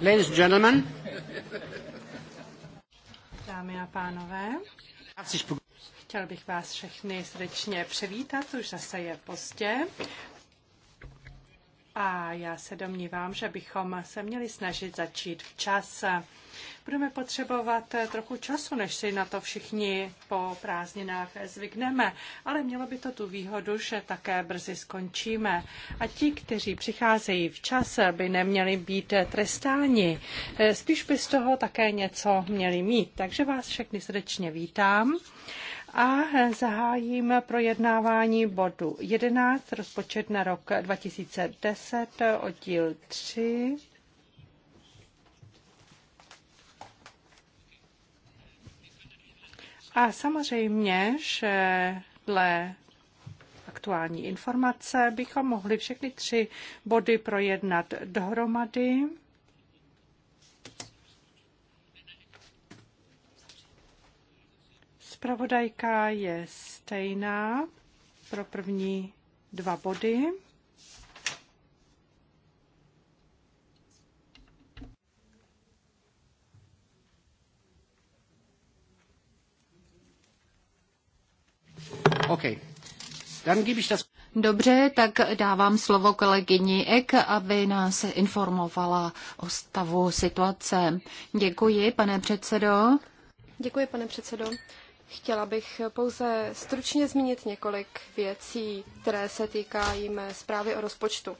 Ladies and gentlemen. Dámy a pánové. Chtěl bych vás všechny srdečně přivítat, už zase je pozdě. A já se domnívám, že bychom se měli snažit začít včas. Budeme potřebovat eh, trochu času, než si na to všichni po prázdninách zvykneme, ale mělo by to tu výhodu, že také brzy skončíme. A ti, kteří přicházejí včas, by neměli být eh, trestáni. Eh, spíš by z toho také něco měli mít. Takže vás všechny srdečně vítám a zahájím projednávání bodu 11, rozpočet na rok 2010, oddíl 3. A samozřejmě, že dle aktuální informace bychom mohli všechny tři body projednat dohromady. Spravodajka je stejná pro první dva body. Okay. Dann gebe ich das... Dobře, tak dávám slovo kolegyni Ek, aby nás informovala o stavu situace. Děkuji, pane předsedo. Děkuji, pane předsedo. Chtěla bych pouze stručně zmínit několik věcí, které se týkají mé zprávy o rozpočtu.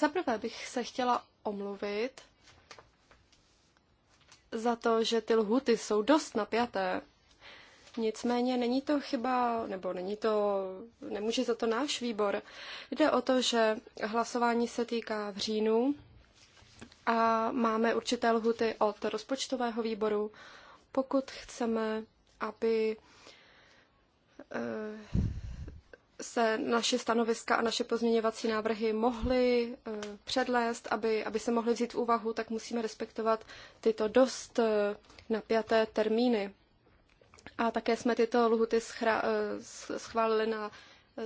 Za prvé bych se chtěla omluvit za to, že ty lhuty jsou dost napjaté. Nicméně není to chyba, nebo není to, nemůže za to náš výbor. Jde o to, že hlasování se týká v říjnu a máme určité lhuty od rozpočtového výboru, pokud chceme, aby eh, se naše stanoviska a naše pozměňovací návrhy mohly eh, předlést, aby, aby se mohly vzít v úvahu, tak musíme respektovat tyto dost eh, napjaté termíny. A také jsme tyto lhuty eh, schválili na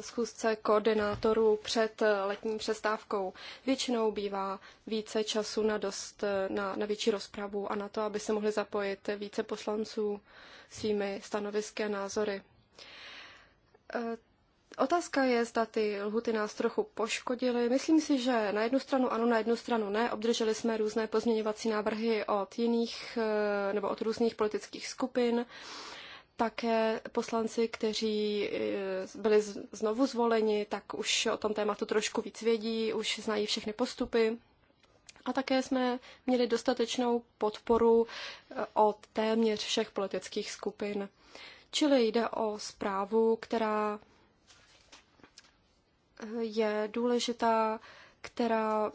schůzce koordinátorů před eh, letní přestávkou. Většinou bývá více času na, dost, eh, na, na větší rozpravu a na to, aby se mohli zapojit více poslanců svými stanovisky a názory. Otázka je, zda ty lhuty nás trochu poškodily. Myslím si, že na jednu stranu ano, na jednu stranu ne. Obdrželi jsme různé pozměňovací návrhy od jiných nebo od různých politických skupin také poslanci, kteří eh, byli znovu zvoleni, tak už o tom tématu trošku víc vědí, už znají všechny postupy. A také jsme měli dostatečnou podporu eh, od téměř všech politických skupin. Čili jde o zprávu, která eh, je důležitá, která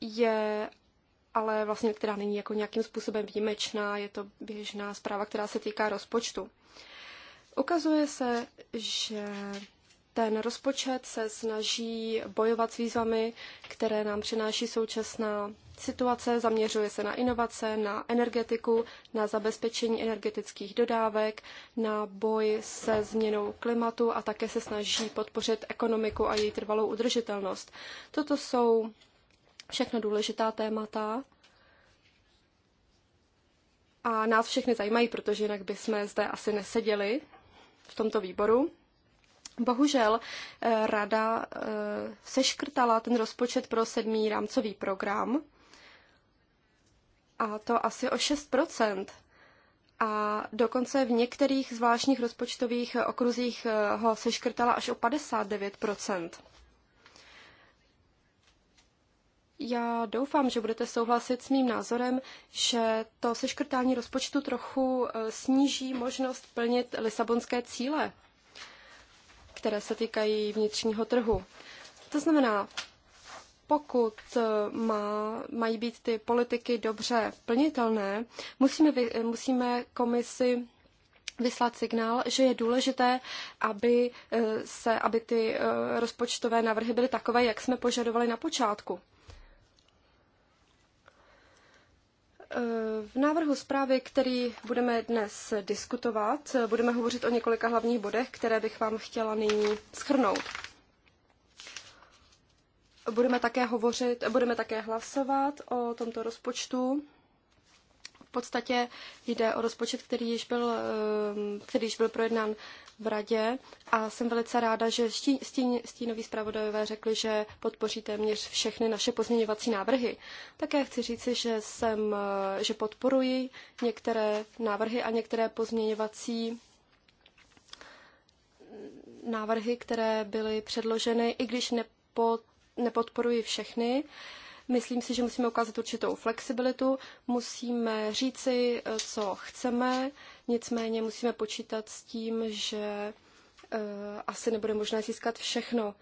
je ale vlastně která není jako nějakým způsobem výjimečná, je to běžná zpráva, která se týká rozpočtu. Ukazuje se, že ten rozpočet se snaží bojovat s výzvami, které nám přináší současná situace, zaměřuje se na inovace, na energetiku, na zabezpečení energetických dodávek, na boj se změnou klimatu a také se snaží podpořit ekonomiku a její trvalou udržitelnost. Toto jsou všechno důležitá témata a nás všechny zajímají, protože jinak bychom zde asi neseděli v tomto výboru. Bohužel eh, rada eh, seškrtala ten rozpočet pro sedmý rámcový program a to asi o 6 a dokonce v některých zvláštních rozpočtových eh, okruzích ho seškrtala až o já doufám, že budete souhlasit s mým názorem, že to seškrtání rozpočtu trochu eh, sníží možnost plnit lisabonské cíle, které se týkají vnitřního trhu. To znamená, pokud eh, má, mají být ty politiky dobře plnitelné, musíme, vy, eh, musíme komisi vyslat signál, že je důležité, aby, se, aby ty rozpočtové návrhy byly takové, jak jsme požadovali na počátku. V návrhu zprávy, který budeme dnes diskutovat, budeme hovořit o několika hlavních bodech, které bych vám chtěla nyní schrnout. Budeme také hovořit, budeme také hlasovat o tomto rozpočtu. V podstatě jde o rozpočet, který již byl, eh, který již byl projednán v radě a jsem velice ráda, že stín, stínoví zpravodajové řekli, že podpoří téměř všechny naše pozměňovací návrhy. Také chci říci, že, jsem, že podporuji některé návrhy a některé pozměňovací návrhy, které byly předloženy, i když nepo, nepodporuji všechny. Uh, Myslím si, že musíme ukázat určitou flexibilitu, musíme říci, eh, co chceme, nicméně musíme počítat s tím, že eh, asi nebude možné získat všechno.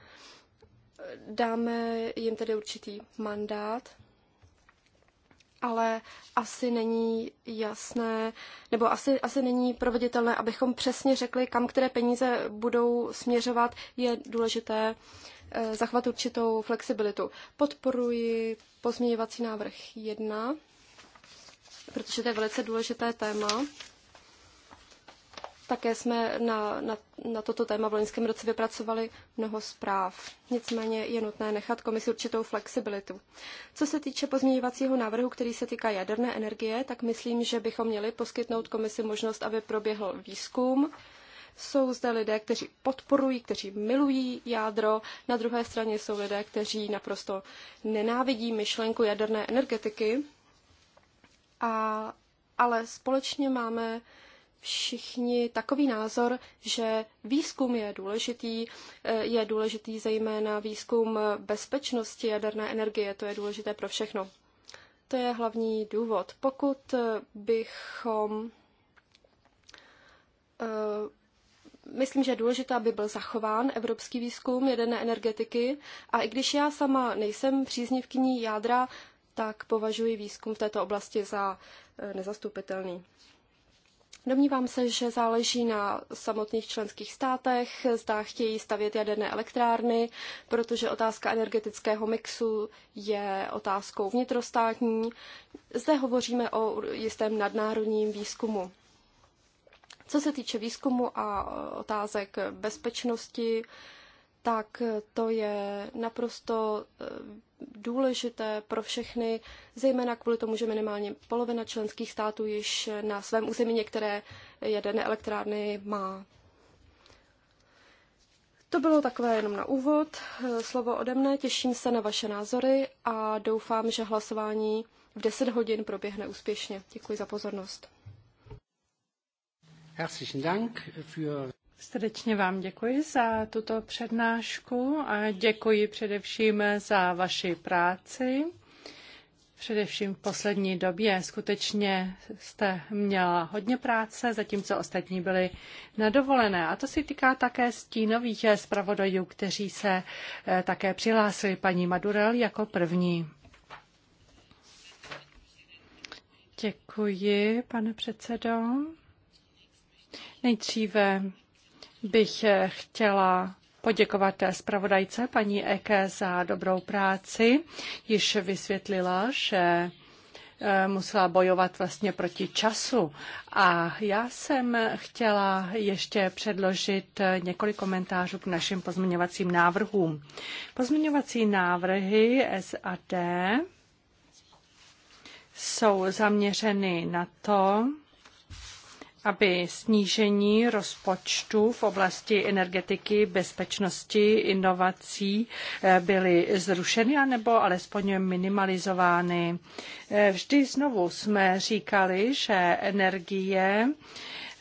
Dáme jim tedy určitý mandát, ale asi není jasné, nebo asi, asi není proveditelné, abychom přesně řekli, kam které peníze budou směřovat. Je důležité uh, Eh, zachovat určitou flexibilitu. Podporuji pozměňovací návrh 1, protože to je velice důležité téma. Také jsme na, na, na toto téma v loňském roce vypracovali mnoho zpráv. Nicméně je nutné nechat komisi určitou flexibilitu. Co se týče pozměňovacího návrhu, který se týká jaderné energie, tak myslím, že bychom měli poskytnout komisi možnost, aby proběhl výzkum, jsou zde lidé, kteří podporují, kteří milují jádro, na druhé straně jsou lidé, kteří naprosto nenávidí myšlenku jaderné energetiky. A, ale společně máme všichni takový názor, že výzkum je důležitý, eh, je důležitý zejména výzkum bezpečnosti jaderné energie, to je důležité pro všechno. To je hlavní důvod. Pokud eh, bychom eh, myslím, že je důležité, aby byl zachován evropský výzkum jedené energetiky a i když já sama nejsem příznivkyní jádra, tak považuji výzkum v této oblasti za e, nezastupitelný. Domnívám se, že záleží na samotných členských státech, zda chtějí stavět jaderné elektrárny, protože otázka energetického mixu je otázkou vnitrostátní. Zde hovoříme o jistém nadnárodním výzkumu. Co se týče výzkumu a otázek bezpečnosti, tak to je naprosto eh, důležité pro všechny, zejména kvůli tomu, že minimálně polovina členských států již na svém území některé jaderné elektrárny má. To bylo takové jenom na úvod. Eh, slovo ode mne, těším se na vaše názory a doufám, že hlasování v 10 hodin proběhne úspěšně. Děkuji za pozornost. Herzlichen Dank für Srdečně vám děkuji za tuto přednášku a děkuji především za vaši práci. Především v poslední době skutečně jste měla hodně práce, zatímco ostatní byli nadovolené. A to se týká také stínových zpravodajů, kteří se eh, také přihlásili paní Madurel jako první. Děkuji, pane předsedo. Nejdříve bych eh, chtěla poděkovat zpravodajce paní Eke za dobrou práci. Již vysvětlila, že eh, musela bojovat vlastně proti času. A já jsem chtěla ještě předložit eh, několik komentářů k našim pozměňovacím návrhům. Pozměňovací návrhy SAD jsou zaměřeny na to, aby snížení rozpočtu v oblasti energetiky, bezpečnosti, inovací eh, byly zrušeny anebo alespoň minimalizovány. Eh, vždy znovu jsme říkali, že energie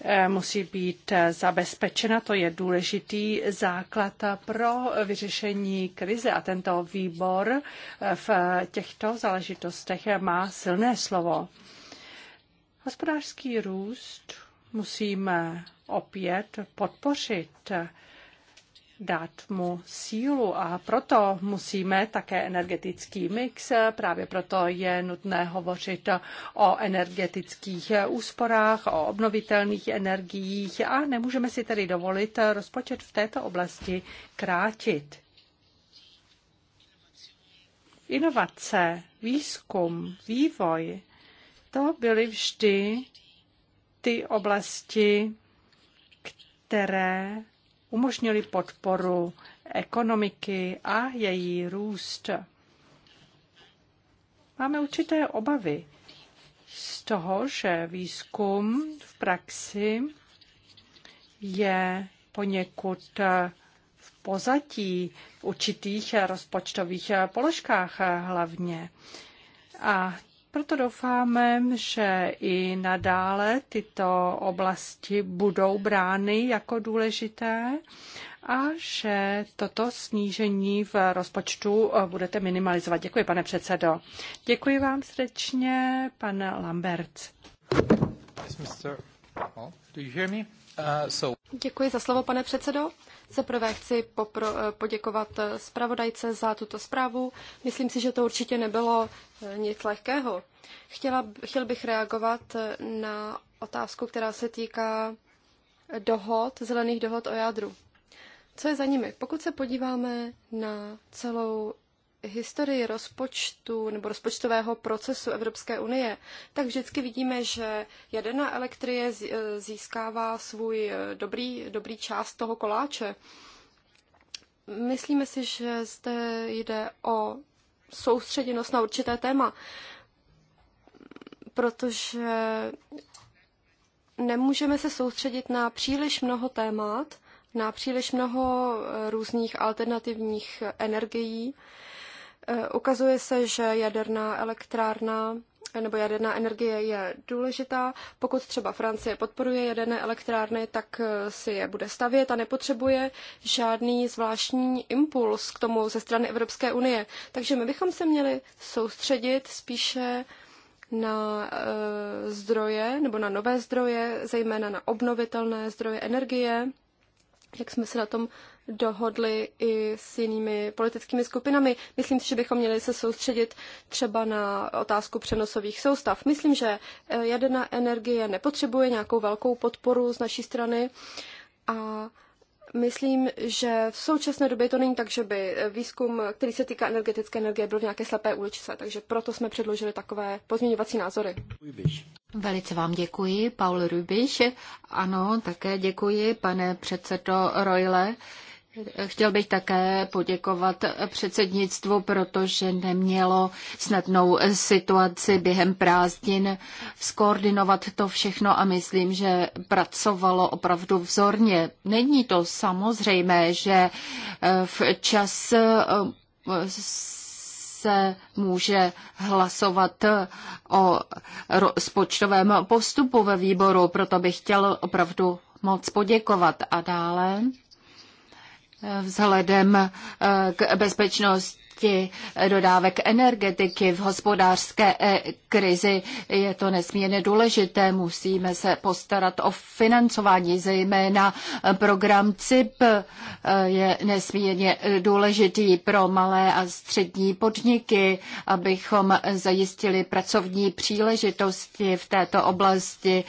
eh, musí být zabezpečena. To je důležitý základ pro vyřešení krize a tento výbor v těchto záležitostech má silné slovo. Hospodářský růst musíme opět podpořit, dát mu sílu a proto musíme také energetický mix, právě proto je nutné hovořit o energetických úsporách, o obnovitelných energiích a nemůžeme si tedy dovolit rozpočet v této oblasti krátit. Inovace, výzkum, vývoj, to byly vždy ty oblasti, které umožnily podporu ekonomiky a její růst. Máme určité obavy z toho, že výzkum v praxi je poněkud v pozatí v určitých rozpočtových položkách hlavně. A proto doufáme, že i nadále tyto oblasti budou brány jako důležité a že toto snížení v rozpočtu eh, budete minimalizovat. Děkuji, pane předsedo. Děkuji vám srdečně, pan Lambert. Uh, Děkuji za slovo, pane předsedo. Za prvé chci popro, eh, poděkovat eh, zpravodajce za tuto zprávu. Myslím si, že to určitě nebylo eh, nic lehkého. Chtěla, chtěl bych reagovat na otázku, která se týká dohod, zelených dohod o jádru. Co je za nimi? Pokud se podíváme na celou historii rozpočtu nebo rozpočtového procesu Evropské unie, tak vždycky vidíme, že jaderná elektrie eh, získává svůj eh, dobrý, dobrý část toho koláče. Myslíme si, že zde jde o soustředěnost na určité téma, protože nemůžeme se soustředit na příliš mnoho témat, na příliš mnoho eh, různých alternativních energií, Eh, ukazuje se, že jaderná elektrárna eh, nebo jaderná energie je důležitá. Pokud třeba Francie podporuje jaderné elektrárny, tak eh, si je bude stavět a nepotřebuje žádný zvláštní impuls k tomu ze strany Evropské unie. Takže my bychom se měli soustředit spíše na zdroje nebo na nové zdroje, zejména na obnovitelné zdroje energie jak jsme se na tom dohodli i s jinými politickými skupinami. Myslím si, že bychom měli se soustředit třeba na otázku přenosových soustav. Myslím, že eh, jaderná energie nepotřebuje nějakou velkou podporu z naší strany a Myslím, že v současné době to není tak, že by výzkum, který se týká energetické energie, byl v nějaké slepé uličce, takže proto jsme předložili takové pozměňovací názory. Velice vám děkuji, Paul Rubiš. Ano, také děkuji, pane předsedo Royle. Chtěl bych také poděkovat předsednictvu, protože nemělo snadnou situaci během prázdnin skoordinovat to všechno a myslím, že pracovalo opravdu vzorně. Není to samozřejmé, že eh, včas eh, se může hlasovat o rozpočtovém postupu ve výboru, proto bych chtěl opravdu moc poděkovat. A dále vzhledem eh, k bezpečnosti dodávek energetiky v hospodářské eh, krizi je to nesmírně důležité. Musíme se postarat o financování, zejména eh, program CIP je nesmírně důležitý pro malé a střední podniky, abychom zajistili pracovní příležitosti v této oblasti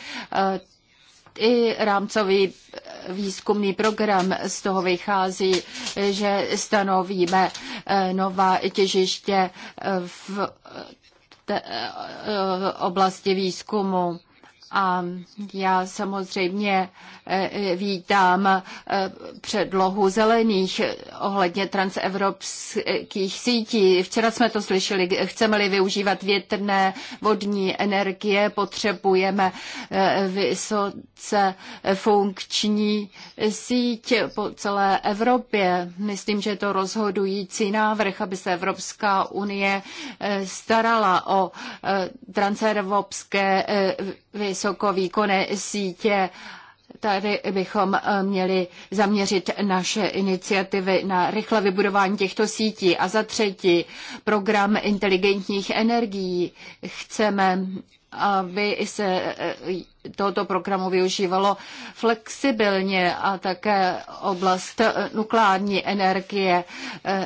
i rámcový výzkumný program z toho vychází, že stanovíme eh, nová těžiště v eh, oblasti výzkumu a já samozřejmě eh, eh, vítám eh, předlohu zelených ohledně transevropských sítí. Včera jsme to slyšeli, chceme-li využívat větrné vodní energie, potřebujeme vysoce funkční síť po celé Evropě. Myslím, že je to rozhodující návrh, aby se Evropská unie starala o transevropské vysokovýkonné sítě. Tady bychom eh, měli zaměřit naše iniciativy na rychle vybudování těchto sítí. A za třetí, program inteligentních energií. Chceme, aby se eh, tohoto programu využívalo flexibilně a také oblast eh, nukleární energie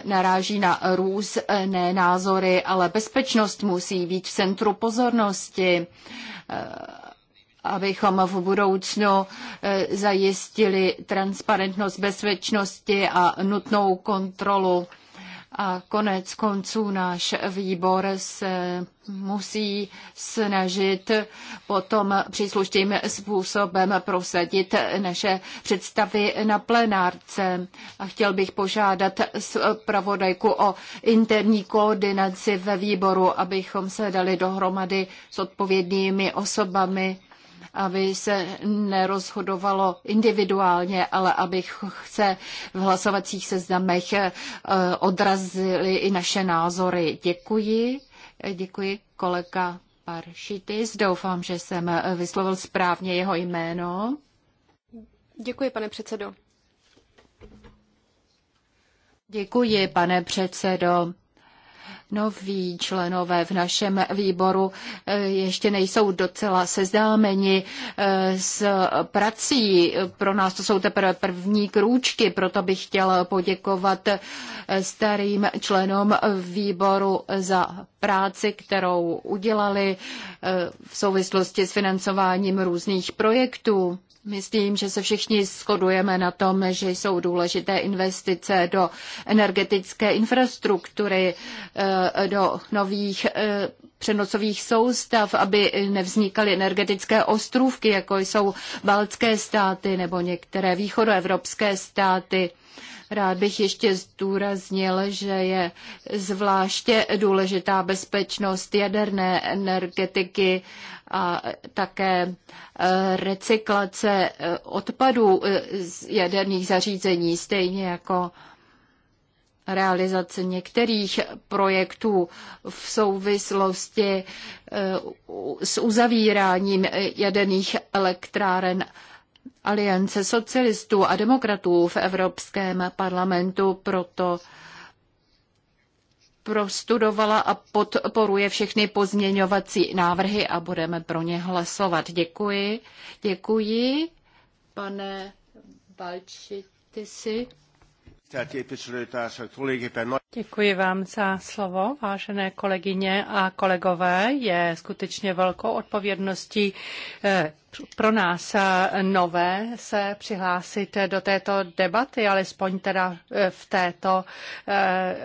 naráží na různé názory, ale bezpečnost musí být v centru pozornosti abychom v budoucnu eh, zajistili transparentnost bezpečnosti a nutnou kontrolu. A konec konců náš výbor se musí snažit potom příslušným způsobem prosadit naše představy na plenárce. A chtěl bych požádat zpravodajku o interní koordinaci ve výboru, abychom se dali dohromady s odpovědnými osobami aby se nerozhodovalo individuálně, ale aby se v hlasovacích seznamech eh, odrazily i naše názory. Děkuji. Děkuji kolega Paršitis. Doufám, že jsem eh, vyslovil správně jeho jméno. Děkuji, pane předsedo. Děkuji, pane předsedo noví členové v našem výboru eh, ještě nejsou docela seznámeni eh, s prací. Pro nás to jsou teprve první krůčky, proto bych chtěl poděkovat eh, starým členům výboru za práci, kterou udělali v souvislosti s financováním různých projektů. Myslím, že se všichni shodujeme na tom, že jsou důležité investice do energetické infrastruktury, eh, do nových eh, přenosových soustav, aby nevznikaly energetické ostrůvky, jako jsou baltské státy nebo některé východoevropské státy. Rád bych ještě zdůraznil, že je zvláště důležitá bezpečnost jaderné energetiky a také e, recyklace e, odpadů e, z jaderných zařízení, stejně jako realizace některých projektů v souvislosti s uzavíráním jaderných elektráren Aliance socialistů a demokratů v Evropském parlamentu proto prostudovala a podporuje všechny pozměňovací návrhy a budeme pro ně hlasovat. Děkuji. Děkuji, pane Balčitisi. Děkuji vám za slovo, vážené kolegyně a kolegové. Je skutečně velkou odpovědností eh, pro nás eh, nové se přihlásit do této debaty, alespoň teda eh, v této eh,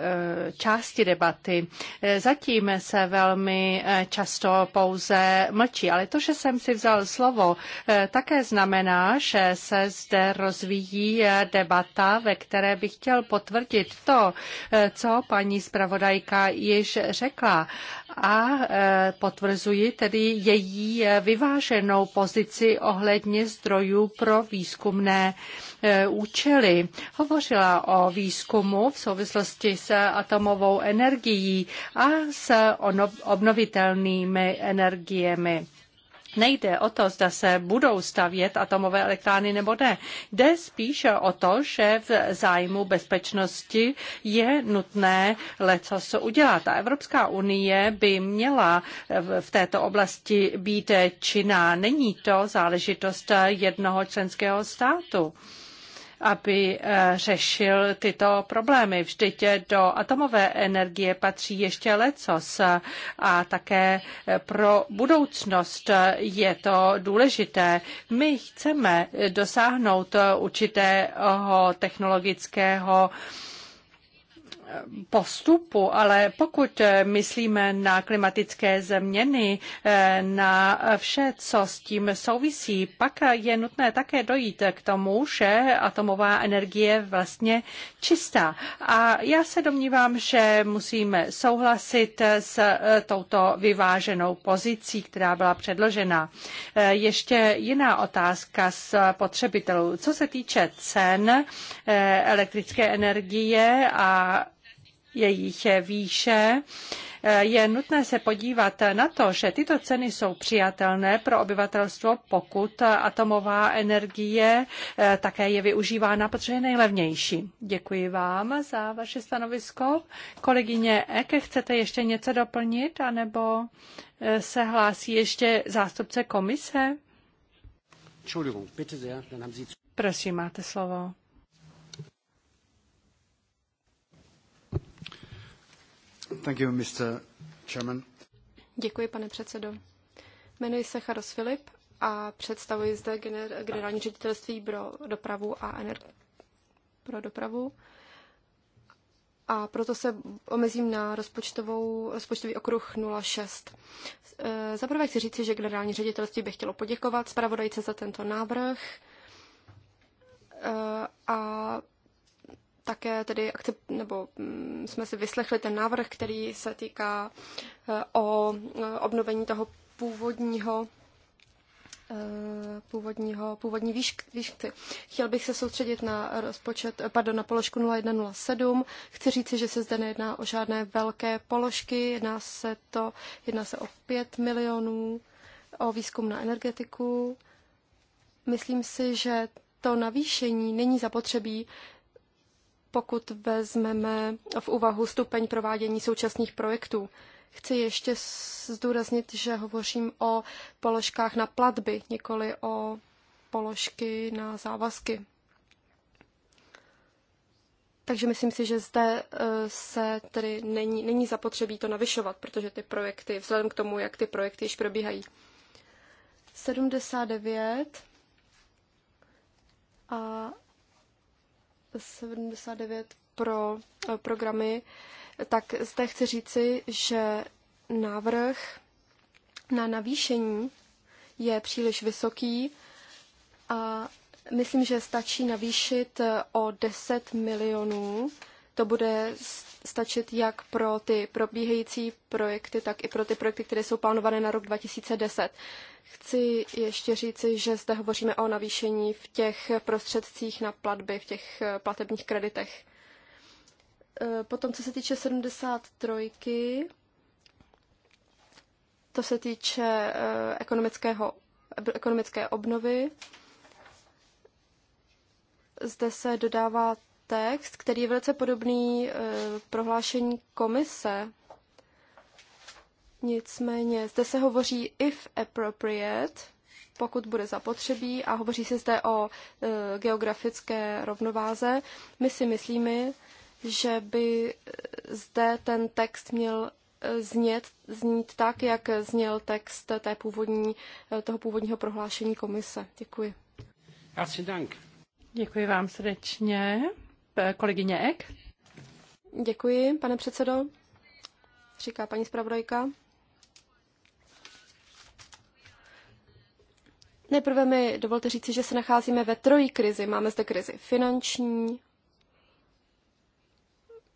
části debaty. Zatím se velmi často pouze mlčí, ale to, že jsem si vzal slovo, také znamená, že se zde rozvíjí debata, ve které bych chtěl potvrdit to, co paní zpravodajka již řekla a potvrzuji tedy její vyváženou pozici pozici ohledně zdrojů pro výzkumné e, účely. Hovořila o výzkumu v souvislosti s atomovou energií a s obnovitelnými energiemi. Nejde o to, zda se budou stavět atomové elektrárny nebo ne. Jde spíše o to, že v zájmu bezpečnosti je nutné se udělat. A Evropská unie by měla v této oblasti být činná. Není to záležitost jednoho členského státu aby eh, řešil tyto problémy. Vždyť do atomové energie patří ještě lecos a také eh, pro budoucnost je to důležité. My chceme dosáhnout určitého technologického postupu, ale pokud myslíme na klimatické změny, eh, na vše, co s tím souvisí, pak je nutné také dojít k tomu, že atomová energie je vlastně čistá. A já se domnívám, že musíme souhlasit s eh, touto vyváženou pozicí, která byla předložena. Eh, ještě jiná otázka z potřebitelů. Co se týče cen elektrické energie a jejich výše, eh, je nutné se podívat na to, že tyto ceny jsou přijatelné pro obyvatelstvo, pokud atomová energie eh, také je využívána, protože je nejlevnější. Děkuji vám za vaše stanovisko. Kolegyně Eke, chcete ještě něco doplnit, anebo eh, se hlásí ještě zástupce komise? Prosím, máte slovo. Thank you, Mr. Chairman. Děkuji, pane předsedo. Jmenuji se Charos Filip a představuji zde gener- generální ředitelství pro dopravu a ener- pro dopravu. A proto se omezím na rozpočtovou, rozpočtový okruh 06. E, eh, Za prvé chci říci, že generální ředitelství by chtělo poděkovat zpravodajce za tento návrh. E, a také tedy akcept, nebo mm, jsme si vyslechli ten návrh, který se týká eh, o eh, obnovení toho původního eh, původního, původní výšky. Chtěl bych se soustředit na rozpočet, pardon, na položku 0107. Chci říci, že se zde nejedná o žádné velké položky, jedná se to, jedná se o 5 milionů, o výzkum na energetiku. Myslím si, že to navýšení není zapotřebí, pokud vezmeme v úvahu stupeň provádění současných projektů. Chci ještě zdůraznit, že hovořím o položkách na platby, nikoli o položky na závazky. Takže myslím si, že zde eh, se tedy není, není zapotřebí to navyšovat, protože ty projekty, vzhledem k tomu, jak ty projekty již probíhají. 79 a 79 pro eh, programy, tak zde chci říci, že návrh na navýšení je příliš vysoký a myslím, že stačí navýšit o 10 milionů to bude stačit jak pro ty probíhající projekty, tak i pro ty projekty, které jsou plánované na rok 2010. Chci ještě říci, že zde hovoříme o navýšení v těch prostředcích na platby, v těch eh, platebních kreditech. Eh, potom, co se týče 73, to se týče eh, ekonomického, ekonomické obnovy. Zde se dodává text, který je velice podobný eh, prohlášení komise. Nicméně zde se hovoří if appropriate, pokud bude zapotřebí a hovoří se zde o e, geografické rovnováze. My si myslíme, že by eh, zde ten text měl znět, znít tak, jak zněl text té původní, toho původního prohlášení komise. Děkuji. Herzlichen Dank. Děkuji vám srdečně. Eh, kolegyně Ek. Děkuji, pane předsedo, říká paní zpravodajka. Nejprve mi dovolte říci, že se nacházíme ve trojí krizi. Máme zde krizi finanční,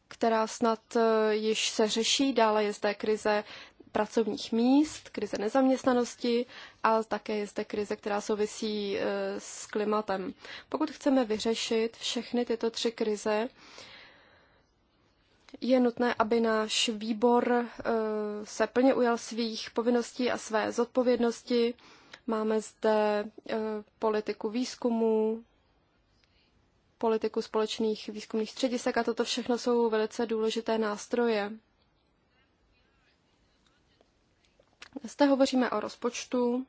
která snad eh, již se řeší, dále je zde krize pracovních míst, krize nezaměstnanosti ale také je zde krize, která souvisí e, s klimatem. Pokud chceme vyřešit všechny tyto tři krize, je nutné, aby náš výbor e, se plně ujal svých povinností a své zodpovědnosti. Máme zde e, politiku výzkumu, politiku společných výzkumných středisek a toto všechno jsou velice důležité nástroje. Zde hovoříme o rozpočtu.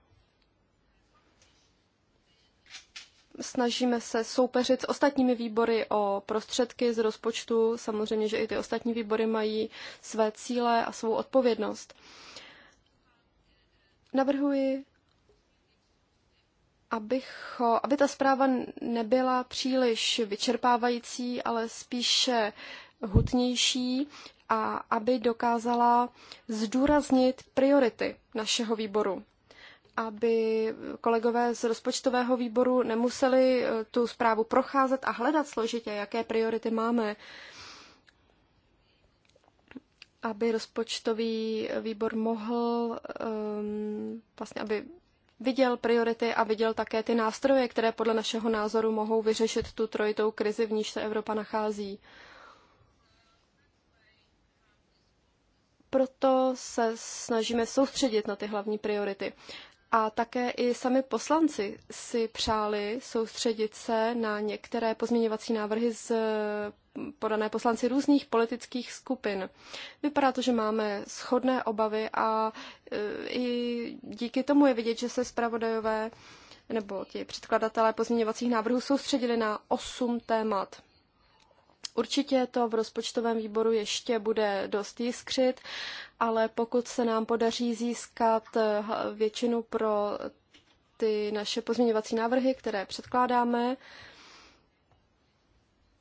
Snažíme se soupeřit s ostatními výbory o prostředky z rozpočtu. Samozřejmě, že i ty ostatní výbory mají své cíle a svou odpovědnost. Navrhuji, abych, aby ta zpráva nebyla příliš vyčerpávající, ale spíše hutnější a aby dokázala zdůraznit priority našeho výboru aby kolegové z rozpočtového výboru nemuseli eh, tu zprávu procházet a hledat složitě, jaké priority máme, aby rozpočtový výbor mohl, um, vlastně aby viděl priority a viděl také ty nástroje, které podle našeho názoru mohou vyřešit tu trojitou krizi, v níž se Evropa nachází. proto se snažíme soustředit na ty hlavní priority. A také i sami poslanci si přáli soustředit se na některé pozměňovací návrhy z podané poslanci různých politických skupin. Vypadá to, že máme shodné obavy a e, i díky tomu je vidět, že se zpravodajové nebo ti předkladatelé pozměňovacích návrhů soustředili na osm témat. Určitě to v rozpočtovém výboru ještě bude dost jiskřit, ale pokud se nám podaří získat eh, většinu pro ty naše pozměňovací návrhy, které předkládáme,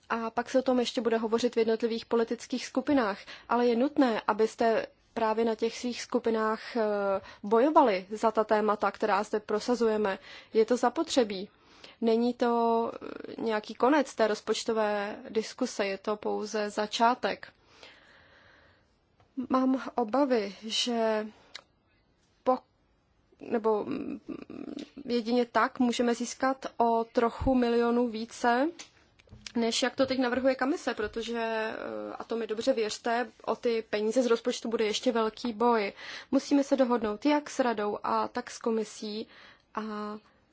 a pak se o tom ještě bude hovořit v jednotlivých politických skupinách, ale je nutné, abyste právě na těch svých skupinách eh, bojovali za ta témata, která zde prosazujeme. Je to zapotřebí. Není to eh, nějaký konec té rozpočtové diskuse, je to pouze začátek. Mám obavy, že nebo mm, jedině tak můžeme získat o trochu milionů více, než jak to teď navrhuje kamise, protože, eh, a to mi dobře věřte, o ty peníze z rozpočtu bude ještě velký boj. Musíme se dohodnout jak s radou a tak s komisí a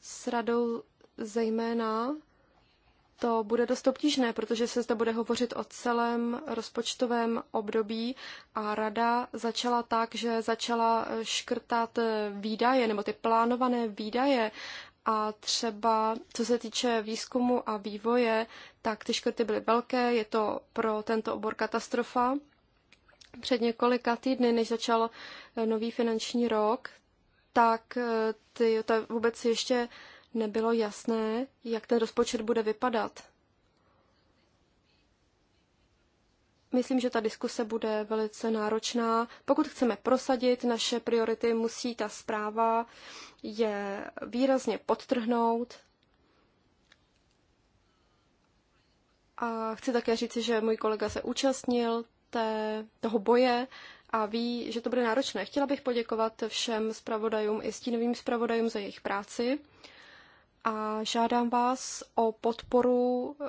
s radou zejména to bude dost obtížné, protože se zde bude hovořit o celém rozpočtovém období a rada začala tak, že začala škrtat výdaje nebo ty plánované výdaje a třeba co se týče výzkumu a vývoje, tak ty škrty byly velké, je to pro tento obor katastrofa. Před několika týdny, než začal nový finanční rok, tak ty, to vůbec ještě nebylo jasné, jak ten rozpočet bude vypadat. Myslím, že ta diskuse bude velice náročná. Pokud chceme prosadit naše priority, musí ta zpráva je výrazně podtrhnout. A chci také říci, že můj kolega se účastnil té, toho boje a ví, že to bude náročné. Chtěla bych poděkovat všem zpravodajům i stínovým zpravodajům za jejich práci a žádám vás o podporu eh,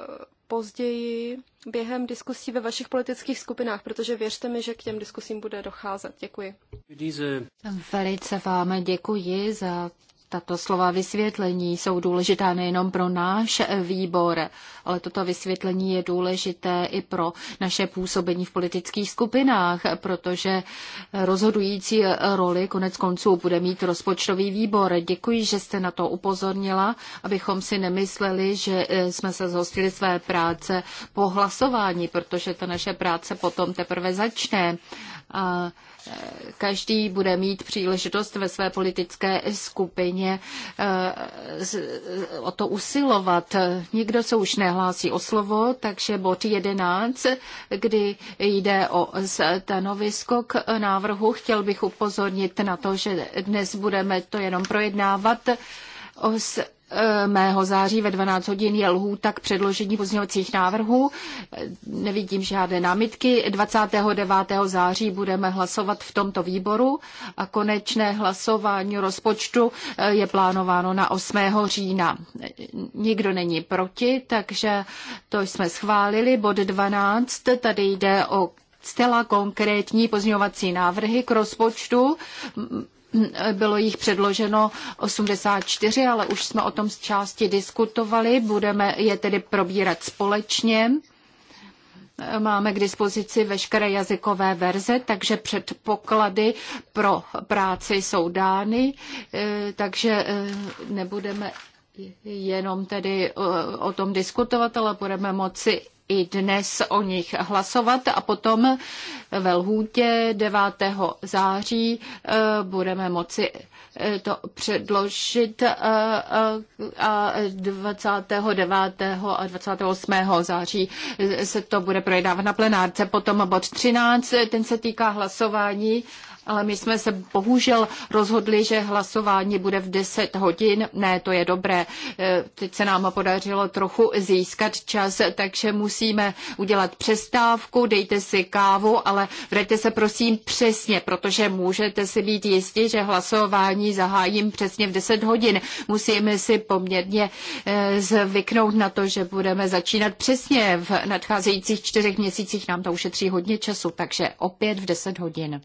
později během diskusí ve vašich politických skupinách, protože věřte mi, že k těm diskusím bude docházet. Děkuji. Velice vám děkuji za tato slova vysvětlení jsou důležitá nejenom pro náš výbor, ale toto vysvětlení je důležité i pro naše působení v politických skupinách, protože rozhodující roli konec konců bude mít rozpočtový výbor. Děkuji, že jste na to upozornila, abychom si nemysleli, že eh, jsme se zhostili své práce po hlasování, protože ta naše práce potom teprve začne. A každý bude mít příležitost ve své politické skupině eh, o to usilovat. Nikdo se už nehlásí o slovo, takže bod 11, kdy jde o stanovisko k návrhu, chtěl bych upozornit na to, že dnes budeme to jenom projednávat. Eh, mého září ve 12 hodin je lhů tak předložení pozměňovacích návrhů. Eh, nevidím žádné námitky. 29. září budeme hlasovat v tomto výboru a konečné hlasování rozpočtu eh, je plánováno na 8. října. Nikdo není proti, takže to jsme schválili. Bod 12, tady jde o zcela konkrétní pozměňovací návrhy k rozpočtu. Bylo jich předloženo 84, ale už jsme o tom z části diskutovali. Budeme je tedy probírat společně. Máme k dispozici veškeré jazykové verze, takže předpoklady pro práci jsou dány, e, takže e, nebudeme jenom tedy e, o tom diskutovat, ale budeme moci i dnes o nich hlasovat a potom ve lhůtě 9. září eh, budeme moci eh, to předložit eh, a 29. a 28. září se to bude projednávat na plenárce. Potom bod 13, ten se týká hlasování ale my jsme se bohužel rozhodli, že hlasování bude v 10 hodin. Ne, to je dobré. E, teď se nám podařilo trochu získat čas, takže musíme udělat přestávku, dejte si kávu, ale vraťte se prosím přesně, protože můžete si být jistí, že hlasování zahájím přesně v 10 hodin. Musíme si poměrně e, zvyknout na to, že budeme začínat přesně v nadcházejících čtyřech měsících. Nám to ušetří hodně času, takže opět v 10 hodin.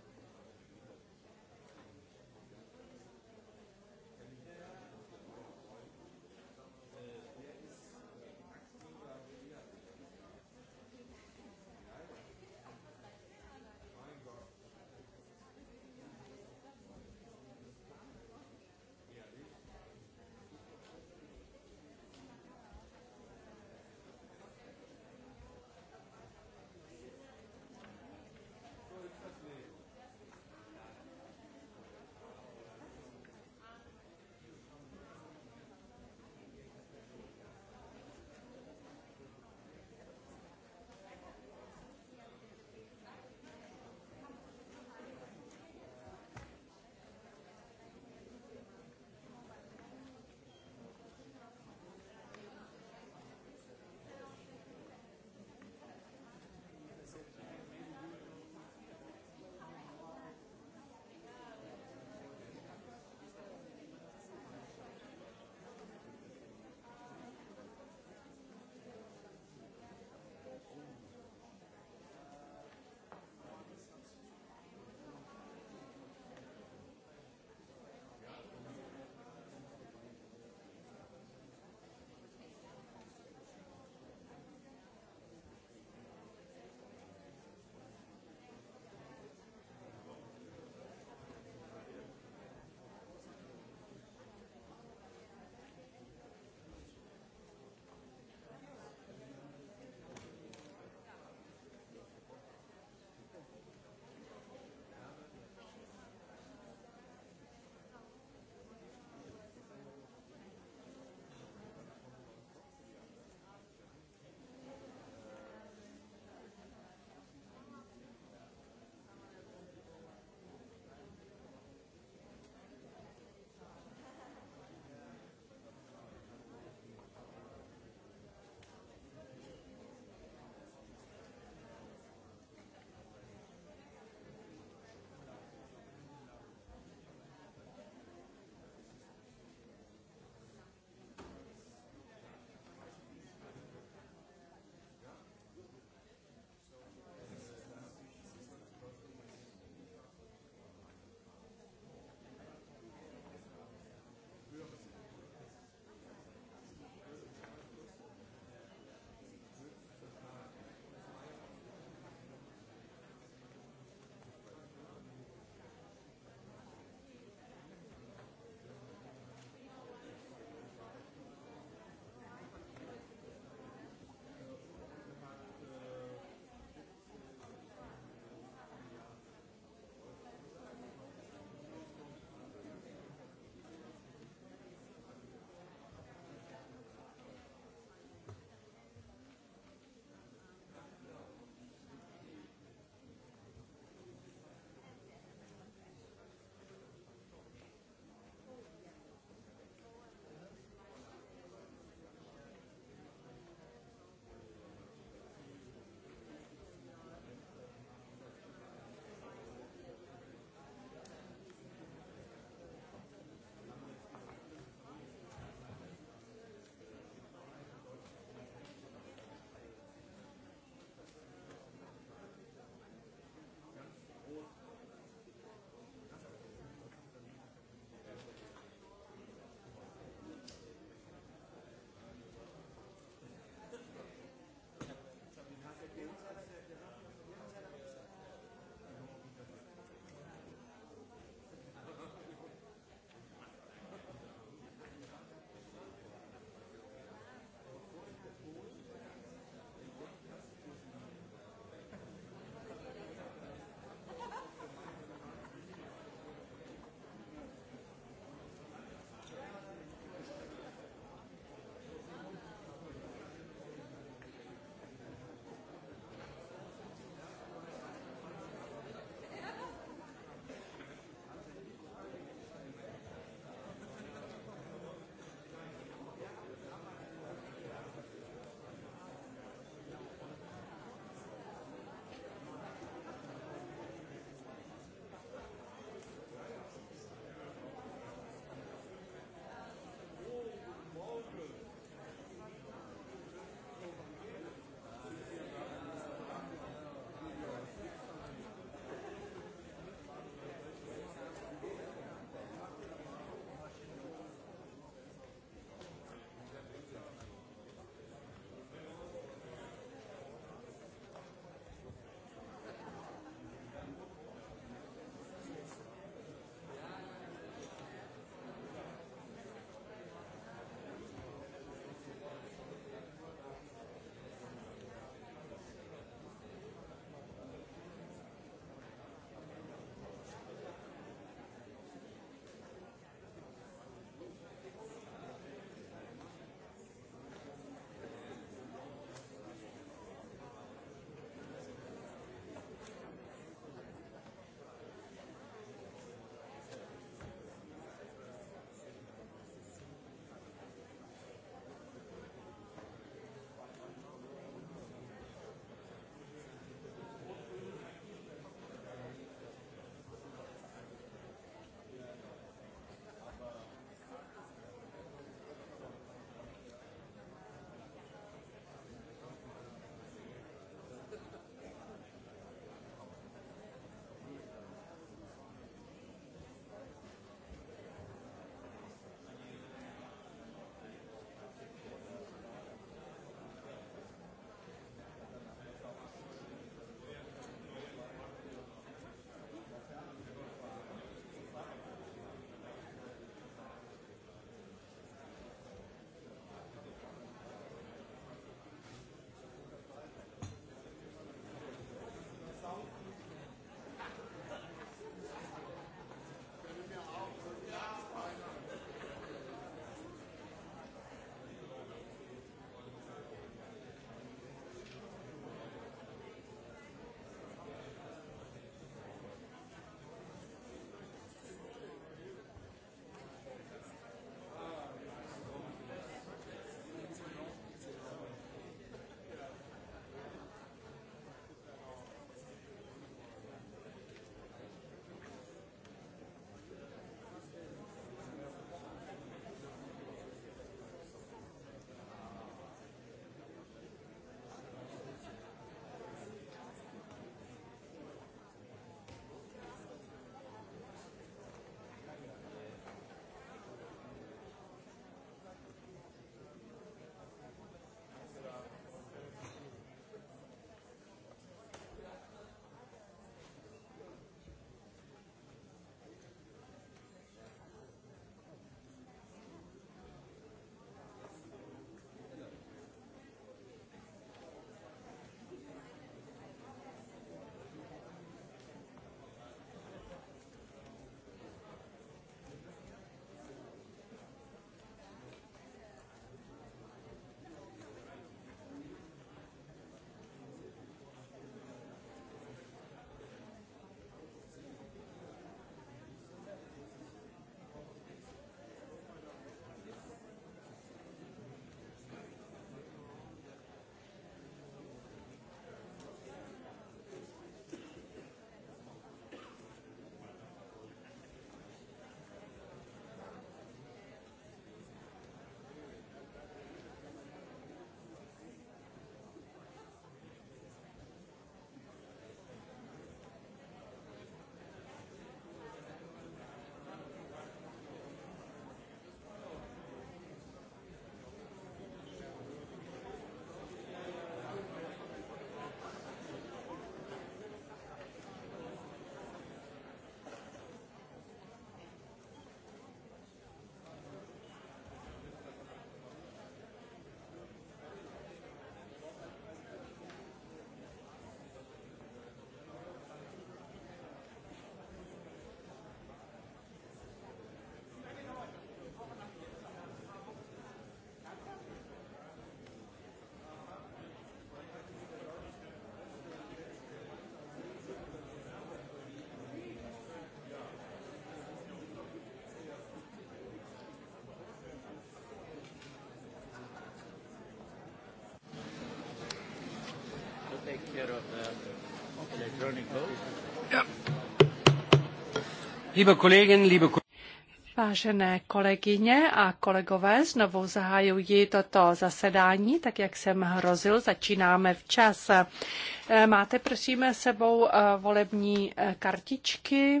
Vážené kolegyně a kolegové, znovu zahajuji toto zasedání, tak jak jsem hrozil, začínáme včas. Eh, máte prosím sebou eh, volební eh, kartičky.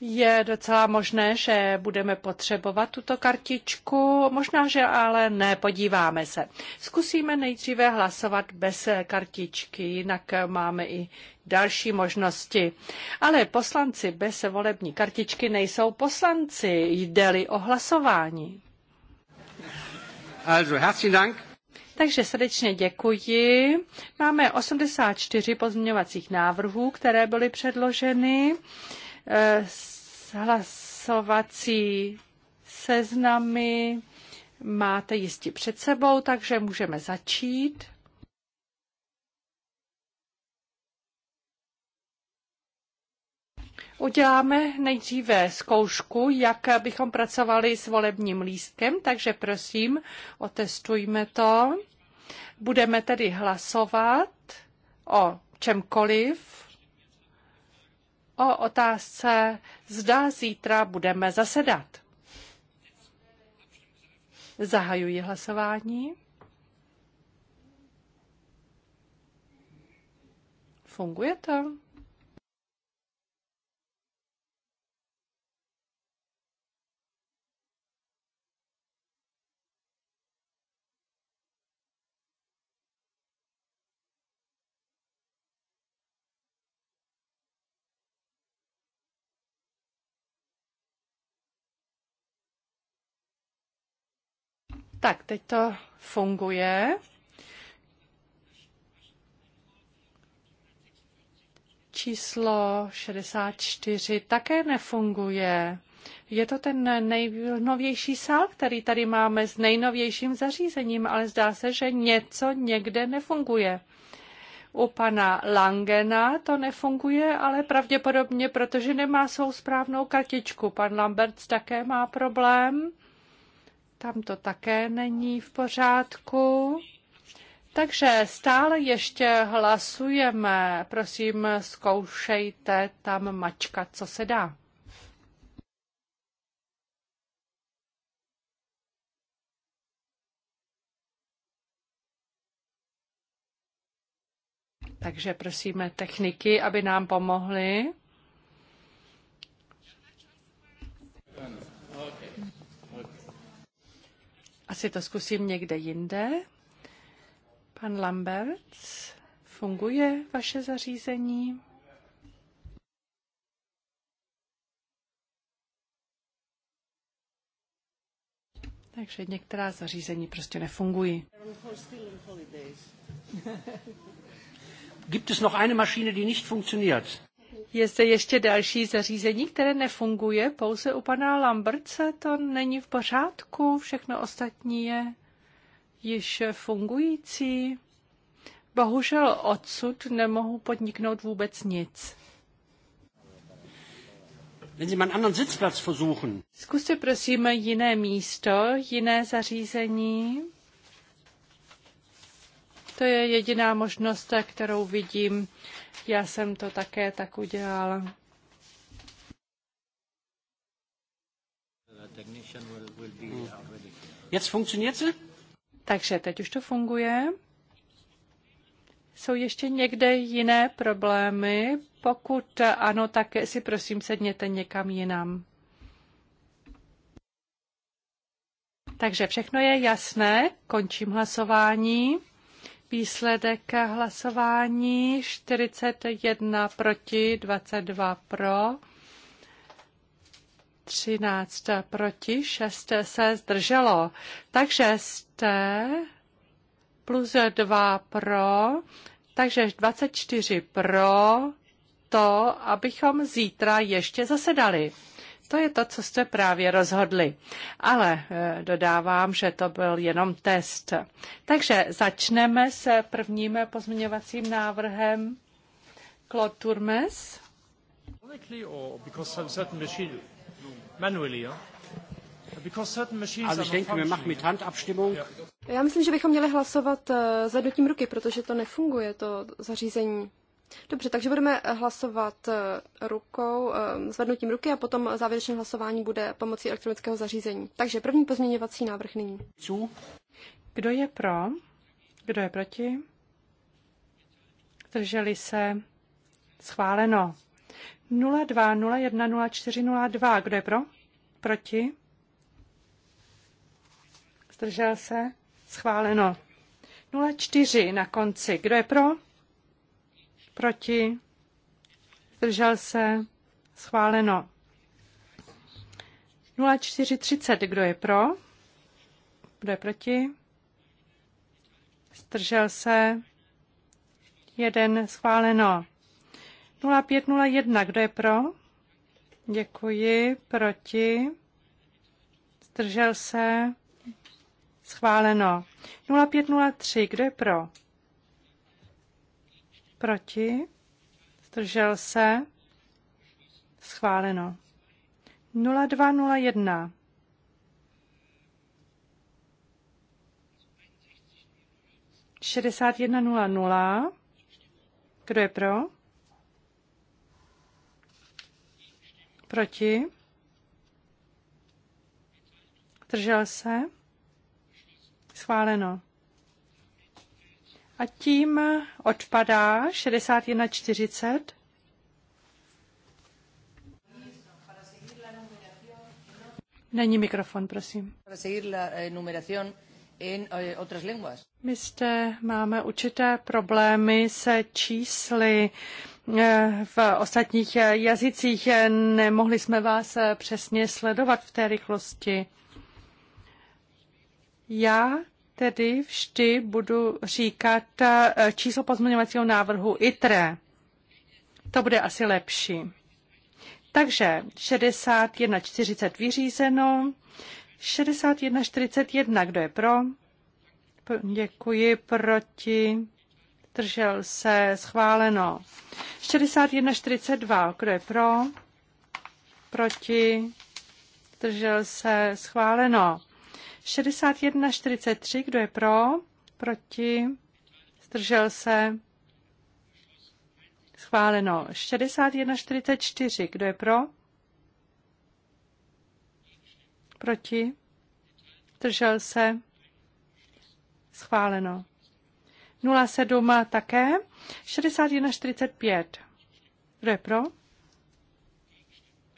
Je docela možné, že budeme potřebovat tuto kartičku, možná, že ale ne, podíváme se. Zkusíme nejdříve hlasovat bez kartičky, jinak máme i další možnosti. Ale poslanci bez volební kartičky nejsou poslanci, jde-li o hlasování. Also, herzlichen Dank. Takže srdečně děkuji. Máme 84 pozměňovacích návrhů, které byly předloženy. Eh, hlasovací seznamy máte jistě před sebou, takže můžeme začít. Uděláme nejdříve zkoušku, jak bychom pracovali s volebním lístkem, takže prosím, otestujme to. Budeme tedy hlasovat o čemkoliv o otázce, zda zítra budeme zasedat. Zahajuji hlasování. Funguje to? Tak, teď to funguje. Číslo 64 také nefunguje. Je to ten nejnovější sál, který tady máme s nejnovějším zařízením, ale zdá se, že něco někde nefunguje. U pana Langena to nefunguje, ale pravděpodobně, protože nemá svou správnou kartičku. Pan Lamberts také má problém. Tam to také není v pořádku. Takže stále ještě hlasujeme. Prosím, zkoušejte tam mačka, co se dá. Takže prosíme techniky, aby nám pomohly. Asi to zkusím někde jinde. Pan Lambert, funguje vaše zařízení? Takže některá zařízení prostě nefungují. Gibt es noch eine Maschine, die nicht funktioniert? Je zde ještě další zařízení, které nefunguje, pouze u pana Lambertce to není v pořádku, všechno ostatní je již fungující. Bohužel odsud nemohu podniknout vůbec nic. Zkuste prosím jiné místo, jiné zařízení. To je jediná možnost, kterou vidím. Já jsem to také tak udělala. Takže teď už to funguje. Jsou ještě někde jiné problémy? Pokud ano, tak si prosím sedněte někam jinam. Takže všechno je jasné, končím hlasování. Výsledek hlasování 41 proti, 22 pro, 13 proti, 6 se zdrželo. Takže jste plus 2 pro, takže 24 pro to, abychom zítra ještě zasedali. To je to, co jste právě rozhodli. Ale eh, dodávám, že to byl jenom test. Takže začneme se prvním pozměňovacím návrhem. Claude Turmes. Já myslím, že bychom měli hlasovat eh, zvednutím ruky, protože to nefunguje, to zařízení. Dobře, takže budeme eh, hlasovat eh, rukou, eh, zvednutím ruky a potom závěrečné hlasování bude pomocí elektronického zařízení. Takže první pozměňovací návrh nyní. Kdo je pro? Kdo je proti? Drželi se? Schváleno. 02010402. Kdo je pro? Proti? Zdržel se? Schváleno. 04 na konci. Kdo je pro? proti, zdržel se, schváleno. 0430, kdo je pro, kdo je proti, zdržel se, jeden, schváleno. 0501, kdo je pro, děkuji, proti, zdržel se, schváleno. 0503, kdo je pro? Proti? Zdržel se? Schváleno. 0201. Šedesát jedna nula nula. Kdo je pro? Proti? Držel se? Schváleno. A tím odpadá 61,40. Není mikrofon, prosím. Eh, eh, My zde máme určité problémy se čísly eh, v ostatních jazycích. Nemohli jsme vás přesně sledovat v té rychlosti. Já tedy vždy budu říkat eh, číslo pozměňovacího návrhu ITRE. To bude asi lepší. Takže 61.40 vyřízeno, 61.41, kdo je pro? Děkuji, proti, držel se, schváleno. 61.42, kdo je pro? Proti, držel se, schváleno. 61,43, kdo je pro, proti, zdržel se, schváleno. 61,44, kdo je pro, proti, zdržel se, schváleno. 07 také, 61,45, kdo je pro,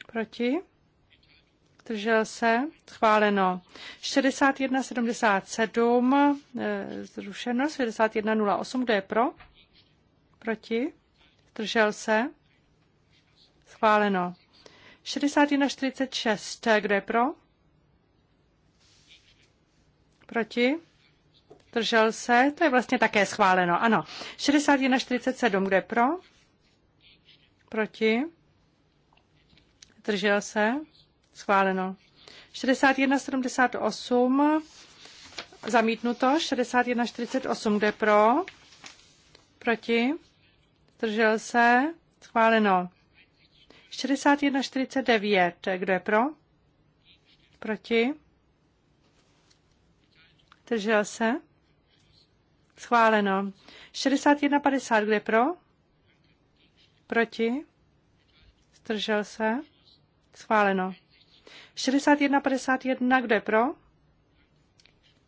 proti, zdržel se, schváleno 61,77, eh, zrušeno 61,08, kdo je pro, proti, zdržel se, schváleno 61,46, kdo je pro, proti, zdržel se, to je vlastně také schváleno, ano, 61,47, kdo je pro, proti, držel se, Schváleno. 61,78 zamítnuto. 61,48 kde pro? Proti? Zdržel se? Schváleno. 61,49 Kde pro? Proti? Zdržel se? Schváleno. 61,50 kde pro? Proti? Zdržel se? Schváleno. 61,51, kdo je pro?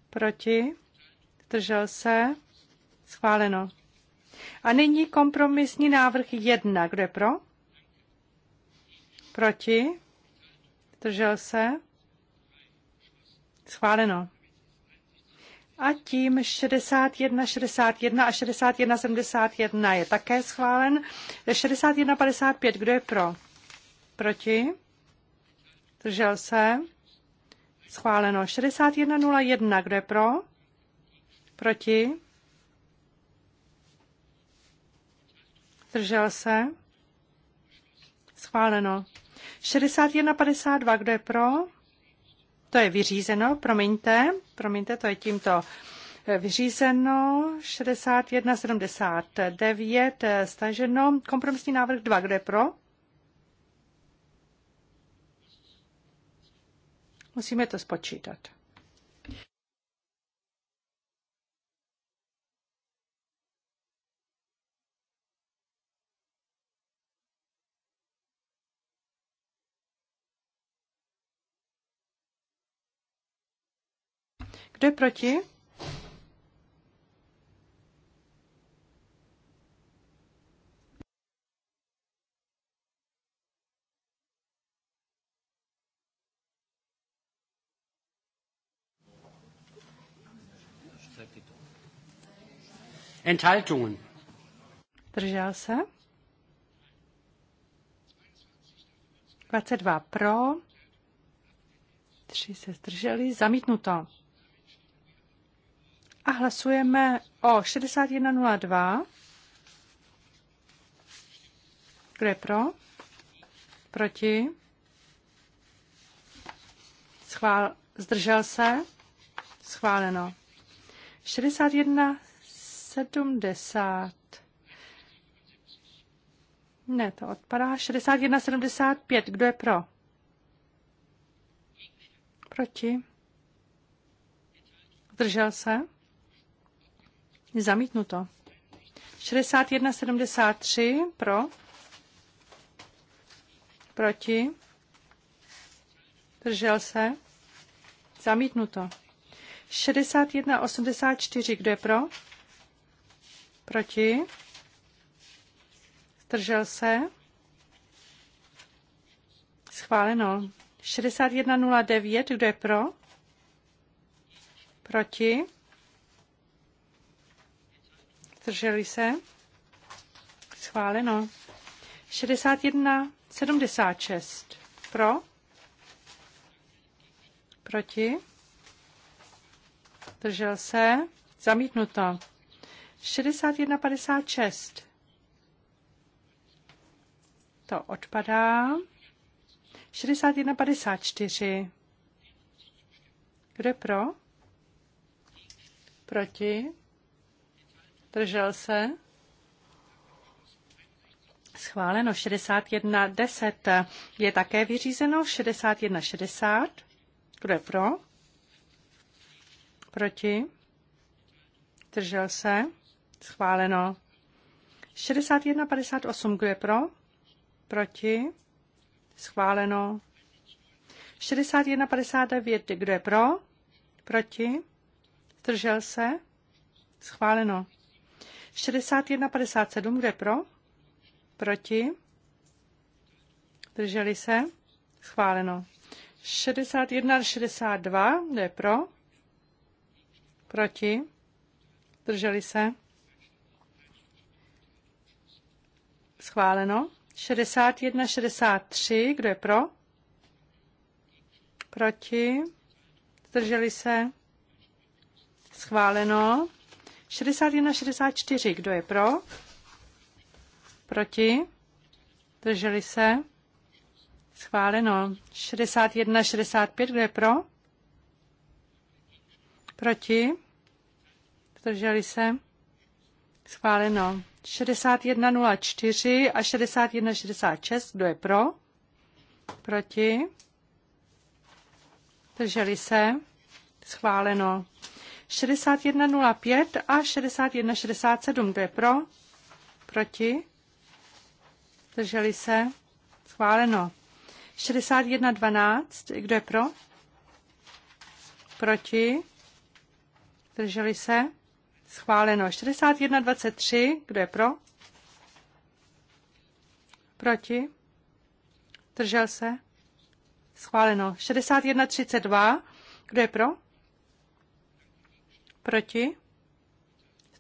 Proti? Zdržel se? Schváleno. A nyní kompromisní návrh 1. Kdo je pro? Proti? Zdržel se? Schváleno. A tím 61, 61 a 61, 71 je také schválen. 61, 55, kdo je pro? Proti? zdržel se? Schváleno. 6101. Kdo je pro? Proti? Zdržel se? Schváleno. 6152. Kdo je pro? To je vyřízeno, promiňte, promiňte, to je tímto vyřízeno, 61,79, staženo, kompromisní návrh 2, kdo je pro? Musíme to spočítat. Kdo je proti? Enthaltungen? Držel se? 22 pro, 3 se zdrželi, zamítnuto. A hlasujeme o 61.02. Kdo je pro? Proti? Schvál, zdržel se? Schváleno. 61 70. Ne, to odpadá. 61, 75. Kdo je pro? Proti? Zdržel se? Zamítnuto. 61, 73. Pro? Proti? Držel se? Zamítnuto. 61, 84. Kdo je pro? Proti? Zdržel se? Schváleno. 6109, kdo je pro? Proti? Zdrželi se? Schváleno. 6176, pro? Proti? Zdržel se? Zamítnuto. 61,56. To odpadá. 61,54. Kdo je pro? Proti? Držel se? Schváleno 61.10. Je také vyřízeno 61.60. Kdo je pro? Proti? Držel se? Schváleno. 61,58. Kdo je pro? Proti? Schváleno. 61,59. Kdo je pro? Proti? Zdržel se? Schváleno. 61,57. Kdo je pro? Proti? Drželi se? Schváleno. 61,62 kdo je pro? Proti? Drželi se? Schváleno. 61, 63. Kdo je pro? Proti? Zdrželi se? Schváleno. 61, 64. Kdo je pro? Proti? Zdrželi se? Schváleno. 61, 65. Kdo je pro? Proti? Zdrželi se? Schváleno. 61.04 a 61.66. Kdo je pro? Proti? Drželi se? Schváleno. 61.05 a 61.67. Kdo je pro? Proti? Drželi se? Schváleno. 61.12. Kdo je pro? Proti? Drželi se? Schváleno 6123. Kdo je pro? Proti? Držel se? Schváleno 61.32. Kdo je pro? Proti?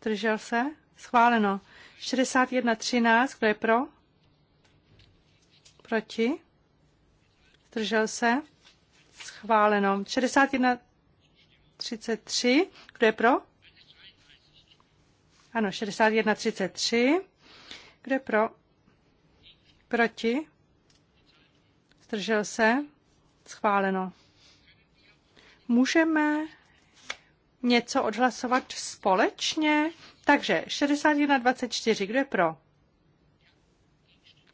Držel se? Schváleno 61.13. Kdo je pro? Proti? Držel se? Schváleno 61.33. Kdo je pro? Ano, 61.33. Kdo je pro? Proti? Zdržel se? Schváleno. Můžeme něco odhlasovat společně? Takže 61.24. Kdo je pro?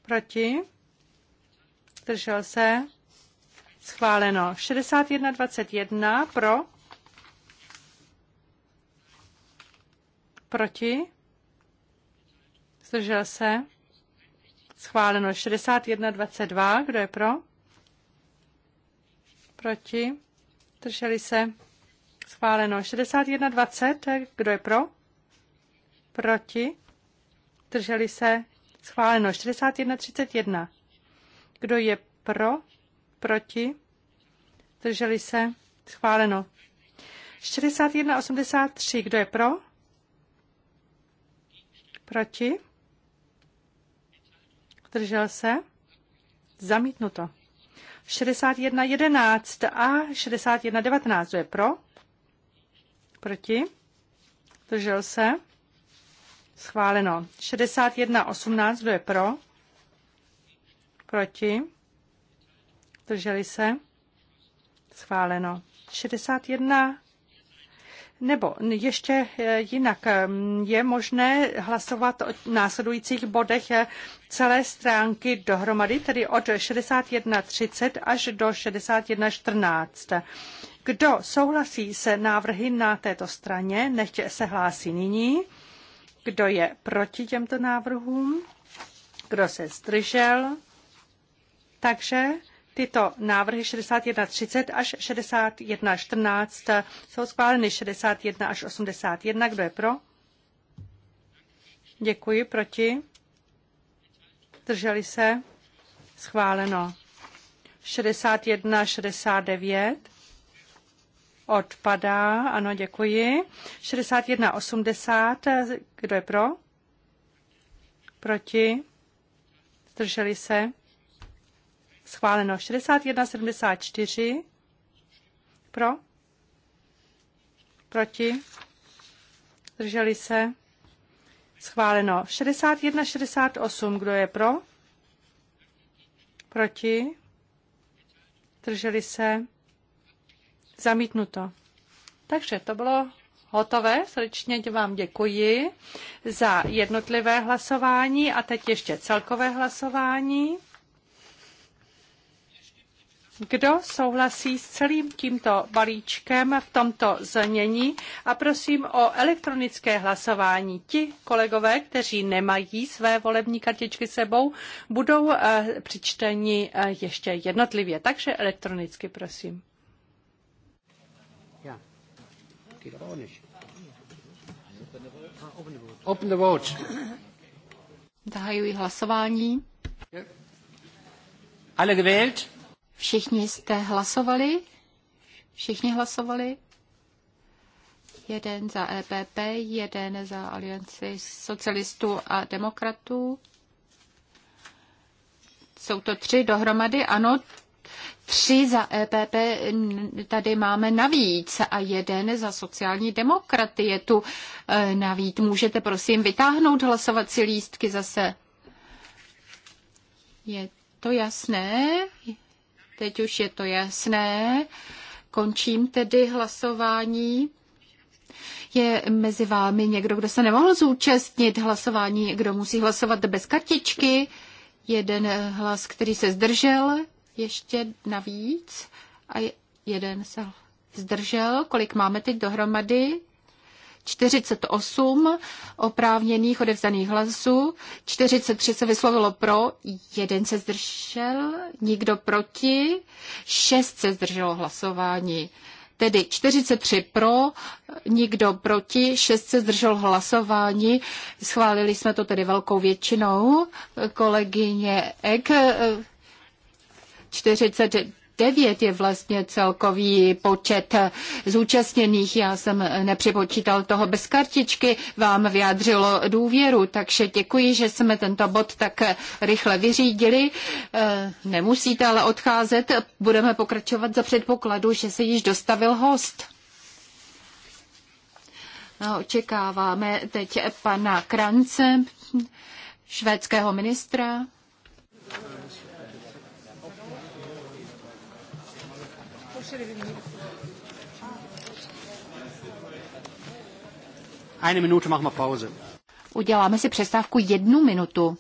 Proti? Zdržel se? Schváleno. 61.21. Pro? Proti? Zdržel se? Schváleno 61,22. Kdo je pro? Proti? Zdrželi se? Schváleno 61,20. Kdo je pro? Proti? Zdrželi se? Schváleno 61,31. Kdo je pro? Proti? Zdrželi se? Schváleno. 61.83. Kdo je pro? Proti? Zdržel se? Zamítnuto. 61.11 a 61.19. je pro? Proti? Zdržel se? Schváleno. 61.18. Kdo je pro? Proti? Zdrželi se? Schváleno. 61. Nebo ještě eh, jinak, je možné hlasovat o následujících bodech eh, celé stránky dohromady, tedy od 61.30 až do 61.14. Kdo souhlasí se návrhy na této straně, nechť se hlásí nyní. Kdo je proti těmto návrhům? Kdo se zdržel? Takže Tyto návrhy 61.30 až 61.14 jsou schváleny 61 až 81. Kdo je pro? Děkuji. Proti? Drželi se? Schváleno. 61, 69 odpadá. Ano, děkuji. 61, 80. Kdo je pro? Proti? Zdrželi se? Schváleno 61,74. Pro? Proti? Zdrželi se? Schváleno 61,68. Kdo je pro? Proti? Zdrželi se? Zamítnuto. Takže to bylo hotové. Srdečně vám děkuji za jednotlivé hlasování a teď ještě celkové hlasování. Kdo souhlasí s celým tímto balíčkem v tomto znění a prosím o elektronické hlasování. Ti kolegové, kteří nemají své volební kartičky sebou, budou eh, přičteni eh, ještě jednotlivě. Takže elektronicky, prosím. Open the vote. Zahajuji hlasování. Alle gewählt? Všichni jste hlasovali? Všichni hlasovali? Jeden za EPP, jeden za Alianci socialistů a demokratů. Jsou to tři dohromady, ano. Tři za EPP tady máme navíc a jeden za sociální demokraty je tu e, navíc. Můžete prosím vytáhnout hlasovací lístky zase? Je to jasné? Teď už je to jasné. Končím tedy hlasování. Je mezi vámi někdo, kdo se nemohl zúčastnit hlasování, kdo musí hlasovat bez kartičky, jeden hlas, který se zdržel, ještě navíc a jeden se zdržel. Kolik máme teď dohromady? 48 oprávněných odevzdaných hlasů, 43 se vyslovilo pro, jeden se zdržel, nikdo proti, 6 se zdrželo hlasování. Tedy 43 pro, nikdo proti, 6 se zdržel hlasování. Schválili jsme to tedy velkou většinou. Kolegyně Ek 40 9 je vlastně celkový počet zúčastněných. Já jsem nepřipočítal toho bez kartičky, vám vyjádřilo důvěru, takže děkuji, že jsme tento bod tak rychle vyřídili. E, nemusíte ale odcházet, budeme pokračovat za předpokladu, že se již dostavil host. No, očekáváme teď pana Krance, švédského ministra. Eine Minute machen wir Pause. Uděláme si přestávku jednu minutu.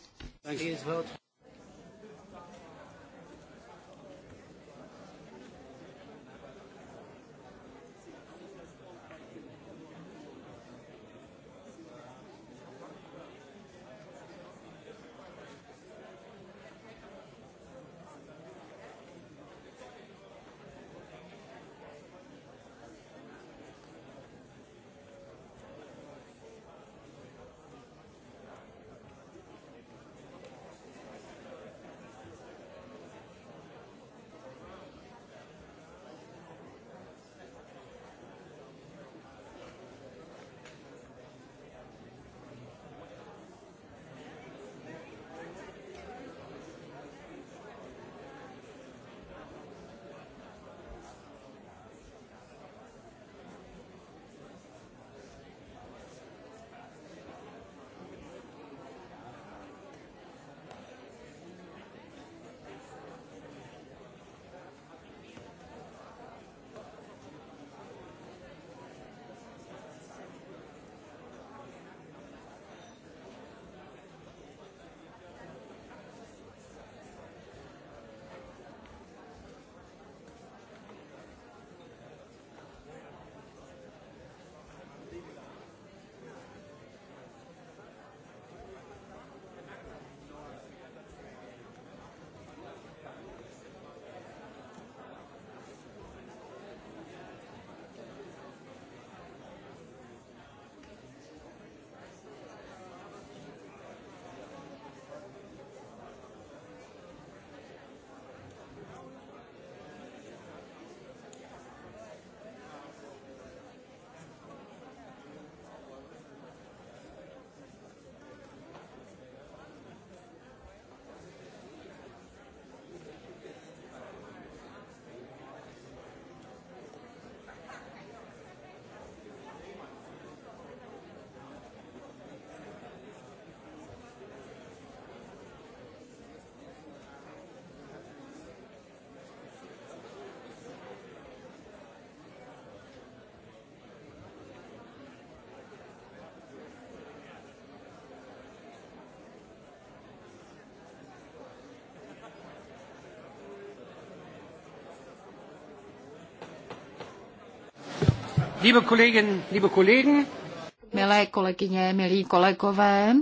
Milé kolegyně, milí kolegové,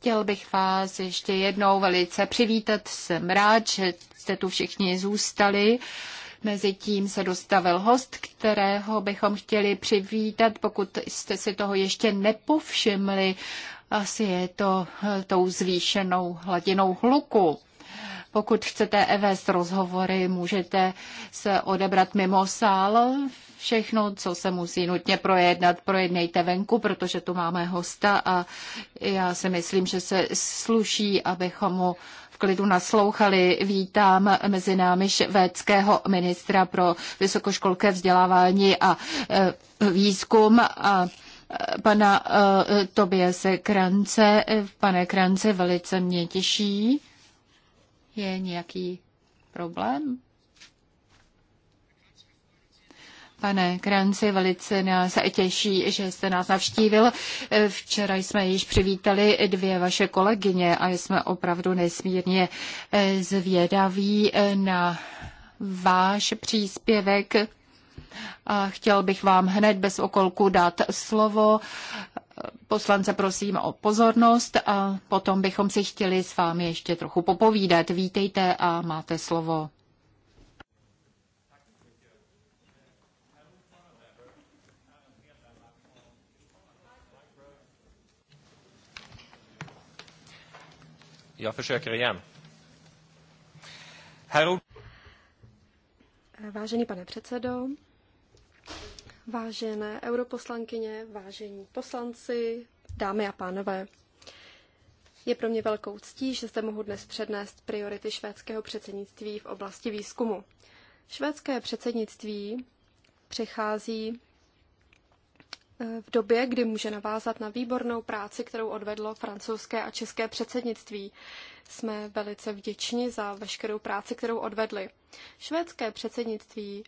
chtěl bych vás ještě jednou velice přivítat. Jsem rád, že jste tu všichni zůstali. Mezitím se dostavil host, kterého bychom chtěli přivítat, pokud jste si toho ještě nepovšimli. Asi je to tou zvýšenou hladinou hluku. Pokud chcete vést rozhovory, můžete se odebrat mimo sál všechno, co se musí nutně projednat, projednejte venku, protože tu máme hosta a já si myslím, že se sluší, abychom mu v klidu naslouchali. Vítám mezi námi švédského ministra pro vysokoškolské vzdělávání a e, výzkum a e, pana e, Tobiase Krance. Pane Krance, velice mě těší. Je nějaký problém? Pane Kranci, velice nás těší, že jste nás navštívil. Včera jsme již přivítali dvě vaše kolegyně a jsme opravdu nesmírně eh, zvědaví eh, na váš příspěvek. A chtěl bych vám hned bez okolku dát slovo. Poslance prosím o pozornost a potom bychom si chtěli s vámi ještě trochu popovídat. Vítejte a máte slovo. Jag försöker igen. Herr Vážený pane předsedo, vážené europoslankyně, vážení poslanci, dámy a pánové. Je pro mě velkou ctí, že zde mohu dnes přednést priority švédského předsednictví v oblasti výzkumu. Švédské předsednictví přichází Eh, v době, kdy může navázat na výbornou práci, kterou odvedlo francouzské a české předsednictví. Jsme velice vděční za veškerou práci, kterou odvedli. Švédské předsednictví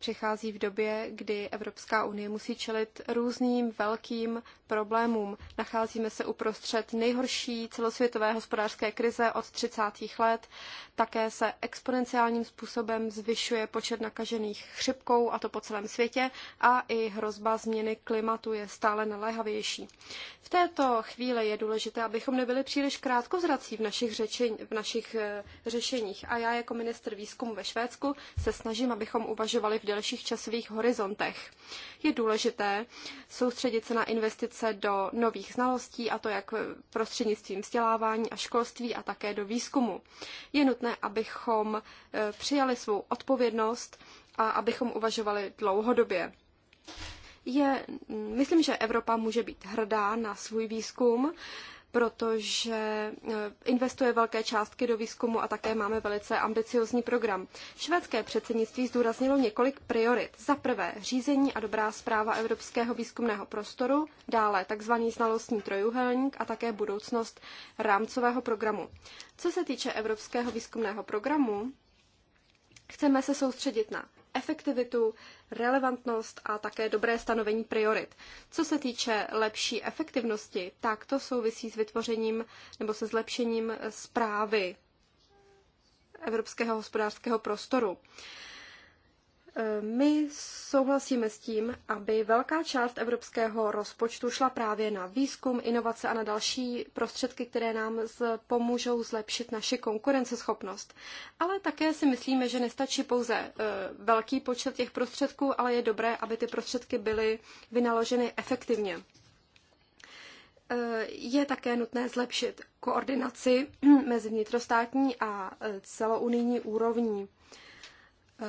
přichází v době, kdy Evropská unie musí čelit různým velkým problémům. Nacházíme se uprostřed nejhorší celosvětové hospodářské krize od 30. let. Také se exponenciálním způsobem zvyšuje počet nakažených chřipkou, a to po celém světě, a i hrozba změny klimatu je stále naléhavější. V této chvíli je důležité, abychom nebyli příliš krátkozrací v našich, řečení, v našich eh, řešeních. A já jako minister výzkumu ve Švédsku se snažím, abychom uvažovali v delších časových horizontech. Je důležité soustředit se na investice do nových znalostí, a to jak prostřednictvím vzdělávání a školství a také do výzkumu. Je nutné, abychom e, přijali svou odpovědnost a abychom uvažovali dlouhodobě je, myslím, že Evropa může být hrdá na svůj výzkum protože eh, investuje velké částky do výzkumu a také máme velice ambiciozní program. Švédské předsednictví zdůraznilo několik priorit. Za prvé řízení a dobrá zpráva evropského výzkumného prostoru, dále tzv. znalostní trojuhelník a také budoucnost rámcového programu. Co se týče evropského výzkumného programu, chceme se soustředit na efektivitu, relevantnost a také dobré stanovení priorit. Co se týče lepší efektivnosti, tak to souvisí s vytvořením nebo se zlepšením zprávy evropského hospodářského prostoru. My souhlasíme s tím, aby velká část evropského rozpočtu šla právě na výzkum, inovace a na další prostředky, které nám pomůžou zlepšit naši konkurenceschopnost. Ale také si myslíme, že nestačí pouze e, velký počet těch prostředků, ale je dobré, aby ty prostředky byly vynaloženy efektivně. E, je také nutné zlepšit koordinaci mezi vnitrostátní a e, celounijní úrovní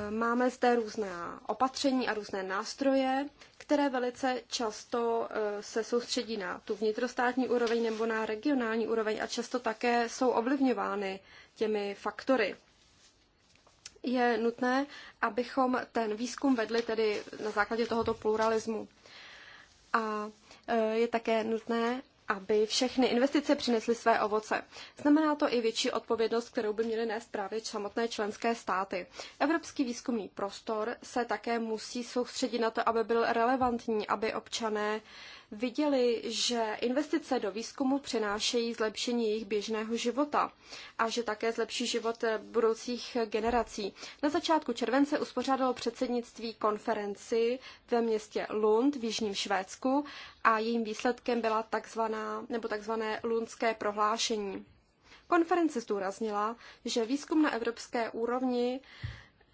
Máme zde různá opatření a různé nástroje, které velice často eh, se soustředí na tu vnitrostátní úroveň nebo na regionální úroveň a často také jsou ovlivňovány těmi faktory. Je nutné, abychom ten výzkum vedli tedy na základě tohoto pluralismu. A eh, je také nutné, aby všechny investice přinesly své ovoce. Znamená to i větší odpovědnost, kterou by měly nést právě samotné členské státy. Evropský výzkumný prostor se také musí soustředit na to, aby byl relevantní, aby občané uh, viděli, že investice do výzkumu přinášejí zlepšení jejich běžného života a že také zlepší život budoucích generací. Na začátku července uspořádalo předsednictví konferenci ve městě Lund v Jižním Švédsku a jejím výsledkem byla takzvaná, nebo takzvané lundské prohlášení. Konference zdůraznila, že výzkum na evropské úrovni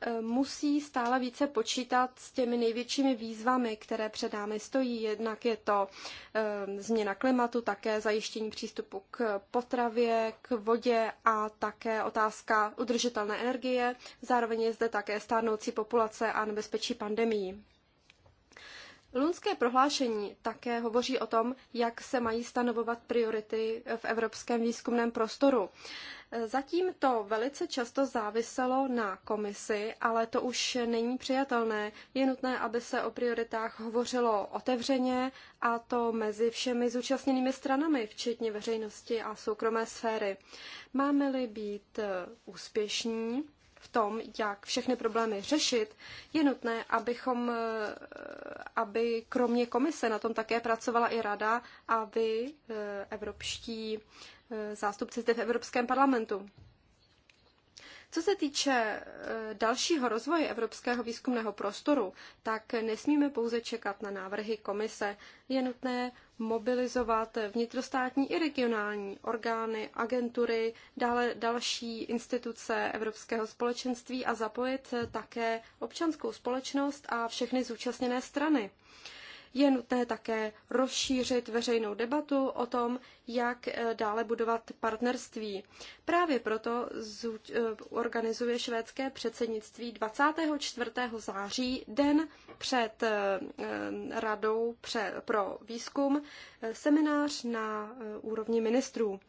E, musí stále více počítat s těmi největšími výzvami, které před námi stojí. Jednak je to e, změna klimatu, také zajištění přístupu k potravě, k vodě a také otázka udržitelné energie. Zároveň je zde také stárnoucí populace a nebezpečí pandemii. Lunské prohlášení také hovoří o tom, jak se mají stanovovat priority v evropském výzkumném prostoru. Zatím to velice často záviselo na komisi, ale to už není přijatelné. Je nutné, aby se o prioritách hovořilo otevřeně a to mezi všemi zúčastněnými stranami, včetně veřejnosti a soukromé sféry. Máme-li být eh, úspěšní, v tom, jak všechny problémy řešit, je nutné, abychom, eh, aby kromě komise na tom také pracovala i rada a vy, eh, evropští zástupci zde v Evropském parlamentu. Co se týče e, dalšího rozvoje evropského výzkumného prostoru, tak nesmíme pouze čekat na návrhy komise. Je nutné mobilizovat vnitrostátní i regionální orgány, agentury, dále další instituce Evropského společenství a zapojit také občanskou společnost a všechny zúčastněné strany. Je nutné také rozšířit veřejnou debatu o tom, jak eh, dále budovat partnerství. Právě proto eh, organizuje švédské předsednictví 24. září, den před eh, radou pro výzkum, seminář na úrovni ministrů.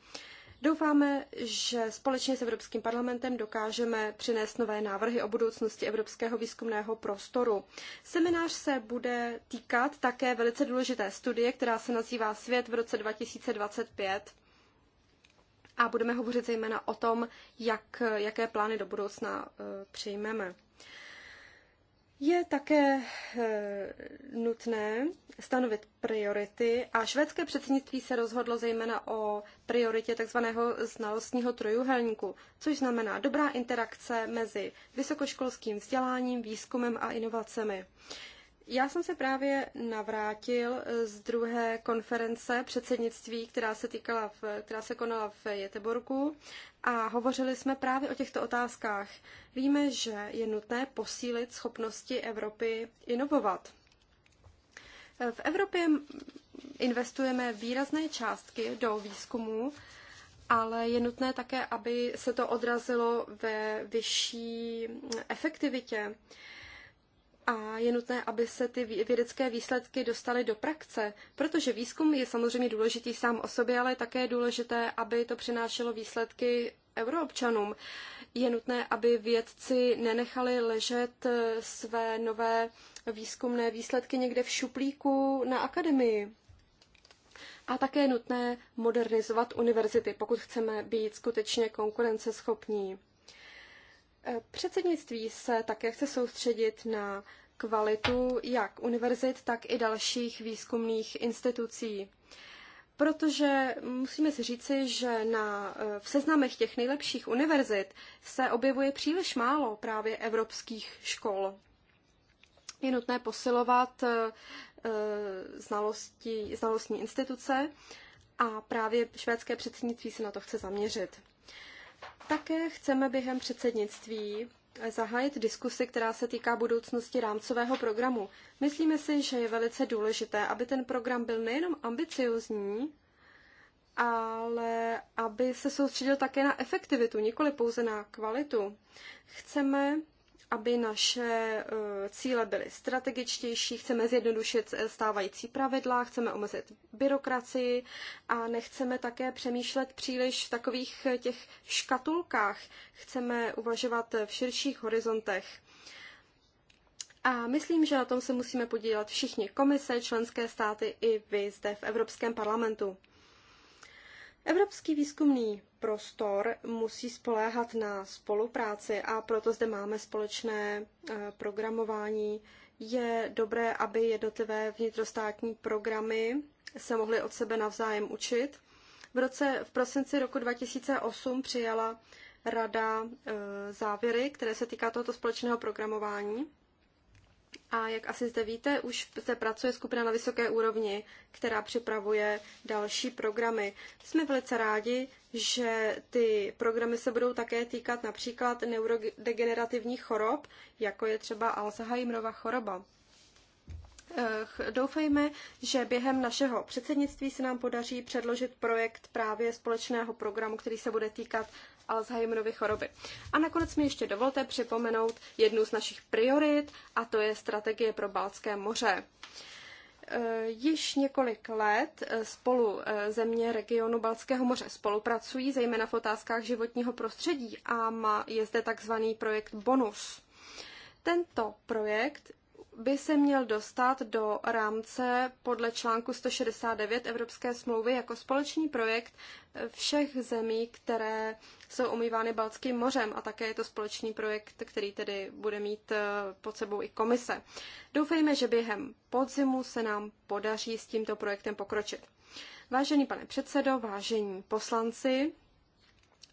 Doufáme, že společně s Evropským parlamentem dokážeme přinést nové návrhy o budoucnosti evropského výzkumného prostoru. Seminář se bude týkat také velice důležité studie, která se nazývá Svět v roce 2025 a budeme hovořit zejména o tom, jak, jaké plány do budoucna eh, přijmeme. Je také eh, nutné stanovit priority a švédské předsednictví se rozhodlo zejména o prioritě tzv. znalostního trojuhelníku, což znamená dobrá interakce mezi vysokoškolským vzděláním, výzkumem a inovacemi. Já jsem se právě navrátil eh, z druhé konference předsednictví, která se, týkala v, která se konala v Jeteborku, a hovořili jsme právě o těchto otázkách. Víme, že je nutné posílit schopnosti Evropy inovovat. Eh, v Evropě investujeme výrazné částky do výzkumu, ale je nutné také, aby se to odrazilo ve vyšší mm, efektivitě a je nutné, aby se ty vědecké výsledky dostaly do praxe, protože výzkum je samozřejmě důležitý sám o sobě, ale také je důležité, aby to přinášelo výsledky euroobčanům. Je nutné, aby vědci nenechali ležet eh, své nové výzkumné výsledky někde v šuplíku na akademii. A také je nutné modernizovat univerzity, pokud chceme být skutečně konkurenceschopní. Předsednictví se také chce soustředit na kvalitu jak univerzit, tak i dalších výzkumných institucí. Protože musíme si říci, že na, e, v seznamech těch nejlepších univerzit se objevuje příliš málo právě evropských škol. Je nutné posilovat e, e, znalosti, znalostní instituce a právě švédské předsednictví se na to chce zaměřit. Také chceme během předsednictví zahájit diskusi, která se týká budoucnosti rámcového programu. Myslíme si, že je velice důležité, aby ten program byl nejenom ambiciozní, ale aby se soustředil také na efektivitu, nikoli pouze na kvalitu. Chceme aby naše eh, cíle byly strategičtější, chceme zjednodušit eh, stávající pravidla, chceme omezit byrokracii a nechceme také přemýšlet příliš v takových eh, těch škatulkách, chceme uvažovat v širších horizontech. A myslím, že na tom se musíme podílet všichni komise, členské státy i vy zde v Evropském parlamentu. Evropský výzkumný prostor musí spoléhat na spolupráci a proto zde máme společné eh, programování. Je dobré, aby jednotlivé vnitrostátní programy se mohly od sebe navzájem učit. V, roce, v prosinci roku 2008 přijala Rada eh, závěry, které se týká tohoto společného programování. A jak asi zde víte, už se pracuje skupina na vysoké úrovni, která připravuje další programy. Jsme velice rádi, že ty programy se budou také týkat například neurodegenerativních chorob, jako je třeba Alzheimerova choroba. Eh, doufejme, že během našeho předsednictví se nám podaří předložit projekt právě společného programu, který se bude týkat Alzheimerovy choroby. A nakonec mi ještě dovolte připomenout jednu z našich priorit, a to je strategie pro Balské moře. Eh, již několik let eh, spolu země regionu Balckého moře spolupracují, zejména v otázkách životního prostředí a má, je zde takzvaný projekt BONUS. Tento projekt by se měl dostat do rámce podle článku 169 Evropské smlouvy jako společný projekt všech zemí, které jsou omývány Balckým mořem a také je to společný projekt, který tedy bude mít eh, pod sebou i komise. Doufejme, že během podzimu se nám podaří s tímto projektem pokročit. Vážený pane předsedo, vážení poslanci,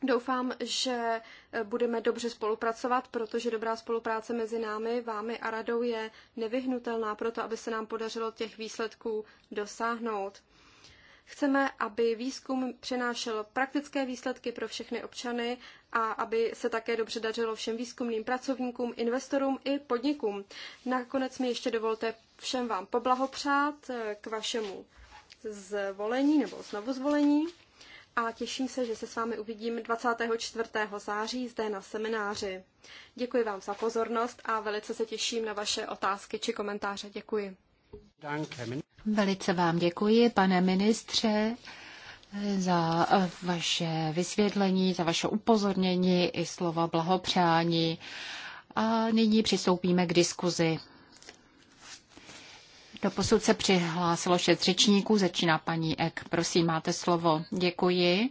Doufám, že eh, budeme dobře spolupracovat, protože dobrá spolupráce mezi námi, vámi a radou je nevyhnutelná pro to, aby se nám podařilo těch výsledků dosáhnout. Chceme, aby výzkum přinášel praktické výsledky pro všechny občany a aby se také dobře dařilo všem výzkumným pracovníkům, investorům i podnikům. Nakonec mi ještě dovolte všem vám poblahopřát eh, k vašemu zvolení nebo znovu zvolení a těším se, že se s vámi uvidím 24. září zde na semináři. Děkuji vám za pozornost a velice se těším na vaše otázky či komentáře. Děkuji. Velice vám děkuji, pane ministře, za vaše vysvětlení, za vaše upozornění i slova blahopřání. A nyní přistoupíme k diskuzi. Do posud se přihlásilo šest řečníků, začíná paní Ek. Prosím, máte slovo. Děkuji.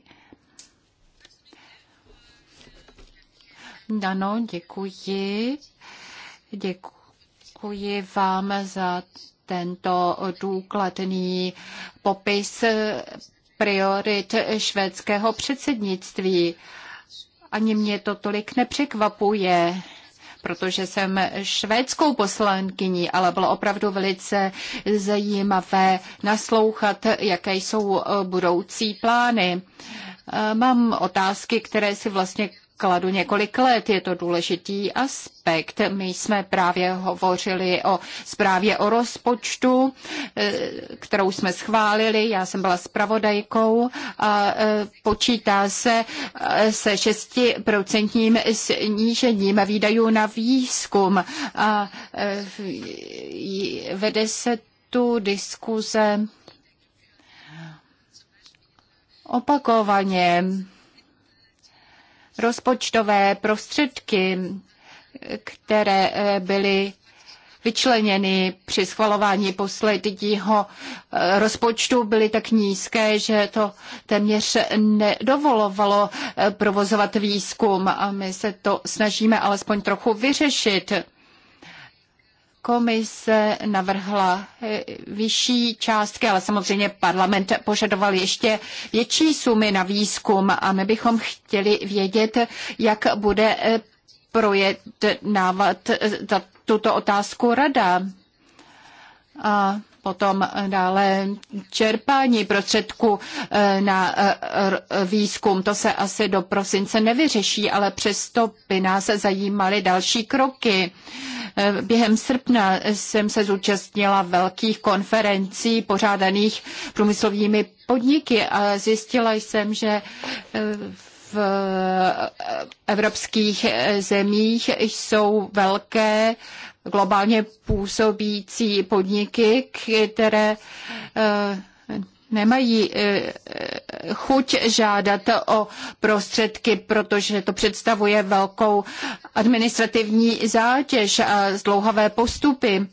Ano, děkuji. Děkuji vám za tento důkladný popis priorit švédského předsednictví. Ani mě to tolik nepřekvapuje protože jsem švédskou poslankyní, ale bylo opravdu velice zajímavé naslouchat, jaké jsou eh, budoucí plány. Eh, mám otázky, které si vlastně kladu několik let. Je to důležitý aspekt. My jsme právě hovořili o zprávě o rozpočtu, eh, kterou jsme schválili. Já jsem byla zpravodajkou a eh, počítá se eh, se 6% snížením výdajů na výzkum. A vede se tu diskuze opakovaně rozpočtové prostředky, které eh, byly vyčleněny při schvalování posledního eh, rozpočtu byly tak nízké, že to téměř nedovolovalo eh, provozovat výzkum a my se to snažíme alespoň trochu vyřešit komise navrhla eh, vyšší částky, ale samozřejmě parlament požadoval ještě větší sumy na výzkum a my bychom chtěli vědět, jak bude eh, projednávat eh, tuto otázku rada. A potom dále čerpání prostředků na výzkum. To se asi do prosince nevyřeší, ale přesto by nás zajímaly další kroky. Eh, během srpna jsem se zúčastnila velkých konferencí pořádaných průmyslovými podniky a zjistila jsem, že eh, v eh, evropských zemích jsou velké globálně působící podniky, které nemají eh, chuť žádat o prostředky, protože to představuje velkou administrativní zátěž a zdlouhavé postupy.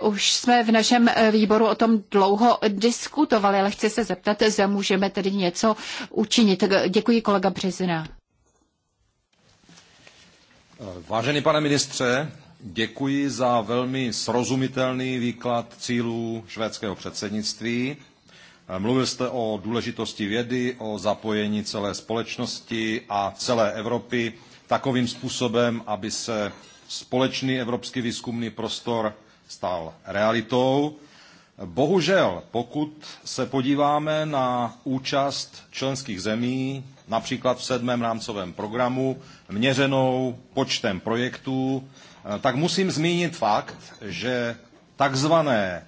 Už jsme v našem eh, výboru o tom dlouho diskutovali, ale chci se zeptat, zda můžeme tedy něco učinit. Děkuji kolega Březina. Vážený pane ministře, děkuji za velmi srozumitelný výklad cílů švédského předsednictví Mluvil jste o důležitosti vědy, o zapojení celé společnosti a celé Evropy takovým způsobem, aby se společný evropský výzkumný prostor stal realitou. Bohužel, pokud se podíváme na účast členských zemí, například v sedmém rámcovém programu, měřenou počtem projektů, tak musím zmínit fakt, že takzvané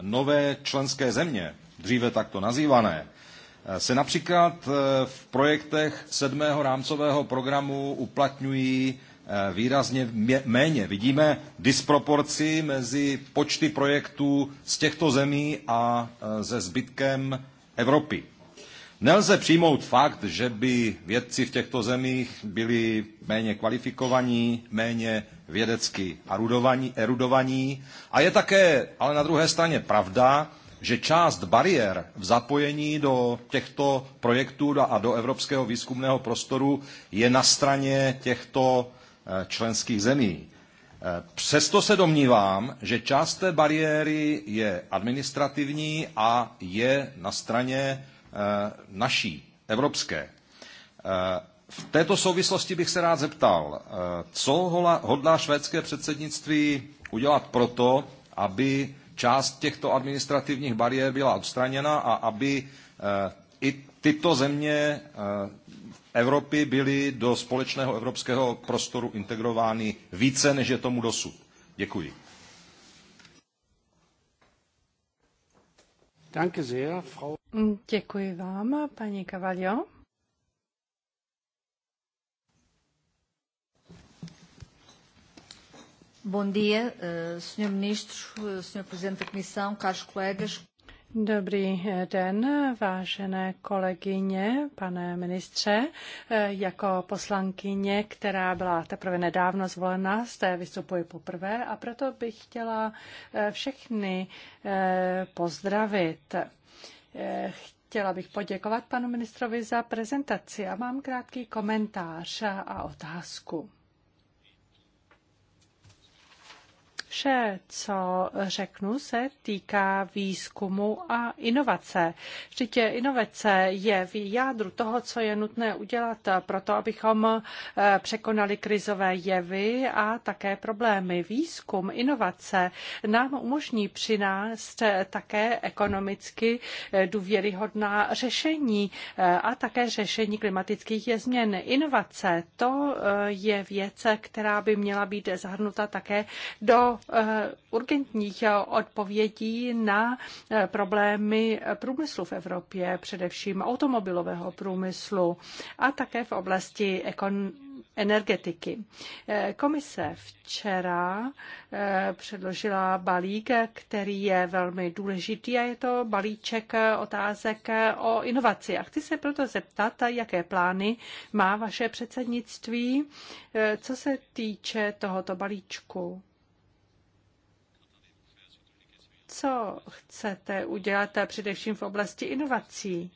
nové členské země, dříve takto nazývané, eh, se například eh, v projektech sedmého rámcového programu uplatňují eh, výrazně méně. Vidíme disproporci mezi počty projektů z těchto zemí a ze zbytkem Evropy. Nelze přijmout fakt, že by vědci v těchto zemích byli méně kvalifikovaní, méně vědecky erudovaní. A je také ale na druhé straně pravda, že část bariér v zapojení do těchto projektů a do evropského výzkumného prostoru je na straně těchto eh, členských zemí. Eh, přesto se domnívám, že část té bariéry je administrativní a je na straně eh, naší, evropské. V této souvislosti bych se rád zeptal, co hodlá švédské předsednictví udělat proto, aby část těchto administrativních bariér byla odstraněna a aby eh, i tyto země eh, Evropy byly do společného evropského prostoru integrovány více, než je tomu dosud. Děkuji. Děkuji vám, paní Cavalio. Bom dia, eh, Sr. Ministro, eh, Sr. Presidente da Comissão, caros colegas. Dobrý eh, den, vážené kolegyně, pane ministře. Jako poslankyně, která byla teprve nedávno zvolena, zde vystupuji poprvé a proto bych chtěla všechny pozdravit. Chtěla bych poděkovat panu ministrovi za prezentaci a mám krátký komentář a otázku. Vše, co řeknu, se týká výzkumu a inovace. Vždyť inovace je v jádru toho, co je nutné udělat pro to, abychom eh, překonali krizové jevy a také problémy. Výzkum, inovace nám umožní přinést také ekonomicky eh, důvěryhodná řešení eh, a také řešení klimatických změn. Inovace, to je věc, která by měla být zahrnuta také do Eh, urgentních odpovědí na eh, problémy průmyslu v Evropě, především automobilového průmyslu a také v oblasti ekon energetiky. Eh, komise včera předložila balík, který je velmi důležitý a je to balíček otázek o inovaci. A chci se proto zeptat, jaké plány má vaše předsednictví, co se týče tohoto balíčku co chcete udělat především v oblasti inovací.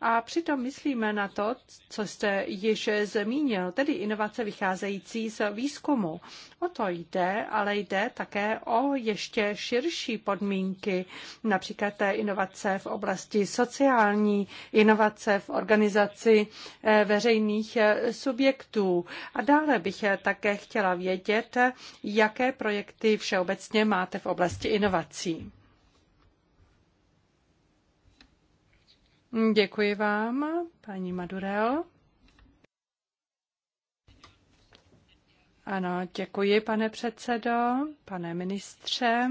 A přitom myslíme na to, co jste již zmínil, tedy inovace vycházející z výzkumu. O to jde, ale jde také o ještě širší podmínky, například té inovace v oblasti sociální, inovace v organizaci eh, veřejných eh, subjektů. A dále bych také chtěla vědět, jaké projekty všeobecně máte v oblasti inovací. Děkuji vám, paní Madurel. Ano, děkuji, pane předsedo, pane ministře.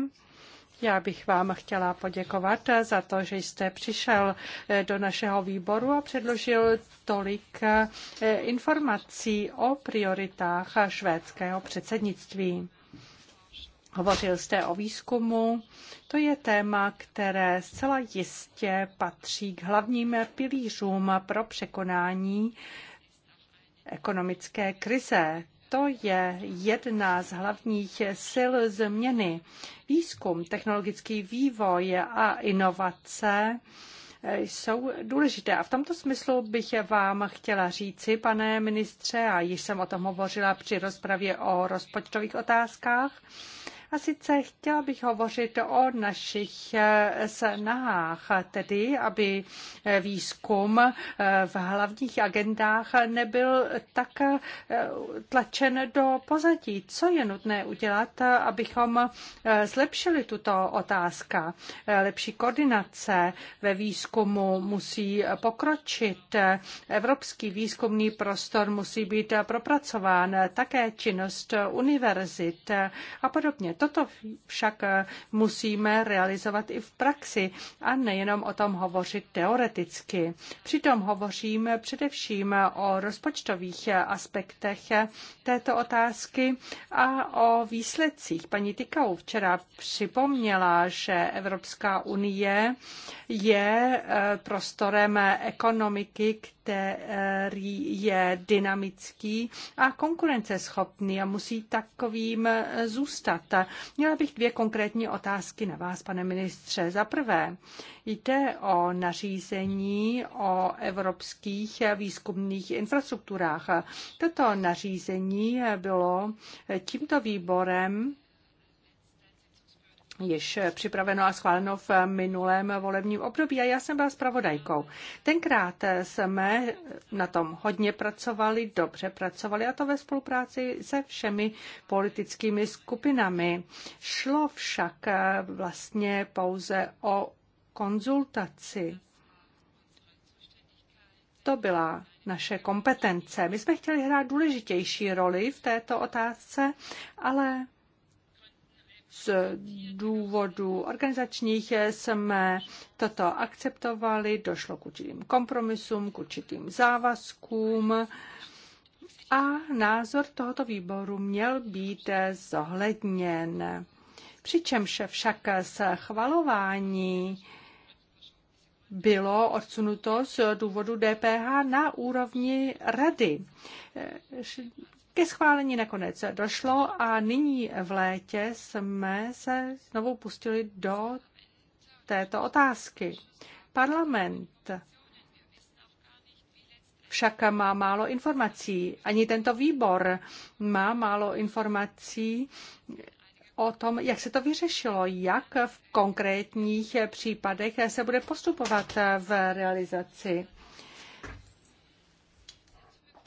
Já bych vám chtěla poděkovat za to, že jste přišel do našeho výboru a předložil tolik eh, informací o prioritách švédského předsednictví. Hovořil jste o výzkumu. To je téma, které zcela jistě patří k hlavním pilířům pro překonání ekonomické krize. To je jedna z hlavních sil změny. Výzkum, technologický vývoj a inovace jsou důležité. A v tomto smyslu bych vám chtěla říci, pane ministře, a již jsem o tom hovořila při rozpravě o rozpočtových otázkách, a sice chtěla bych hovořit o našich eh, snahách, tedy aby eh, výzkum eh, v hlavních agendách nebyl tak tlačen do pozadí. Co je nutné udělat, abychom zlepšili tuto otázka? Lepší koordinace ve výzkumu musí pokročit. Evropský výzkumný prostor musí být propracován, také činnost univerzit a podobně. Toto však eh, musíme realizovat i v praxi a nejenom o tom hovořit teoreticky. Přitom hovoříme především o rozpočtových eh, aspektech eh, této otázky a o výsledcích. Paní Tykau včera připomněla, že Evropská unie je prostorem ekonomiky, který je dynamický a konkurenceschopný a musí takovým zůstat. Měla bych dvě konkrétní otázky na vás, pane ministře. Za prvé, jde o nařízení o evropských výzkumných infrastrukturách. Toto nařízení bylo tímto výborem již připraveno a schváleno v minulém volebním období a já jsem byla zpravodajkou. Tenkrát jsme na tom hodně pracovali, dobře pracovali a to ve spolupráci se všemi politickými skupinami. Šlo však vlastně pouze o konzultaci. To byla naše kompetence. My jsme chtěli hrát důležitější roli v této otázce, ale z důvodů organizačních jsme toto akceptovali, došlo k určitým kompromisům, k určitým závazkům a názor tohoto výboru měl být zohledněn. Přičemž však schvalování bylo odsunuto z důvodu DPH na úrovni rady. Ke schválení nakonec došlo a nyní v létě jsme se znovu pustili do této otázky. Parlament však má málo informací. Ani tento výbor má málo informací o tom, jak se to vyřešilo, jak v konkrétních případech se bude postupovat v realizaci.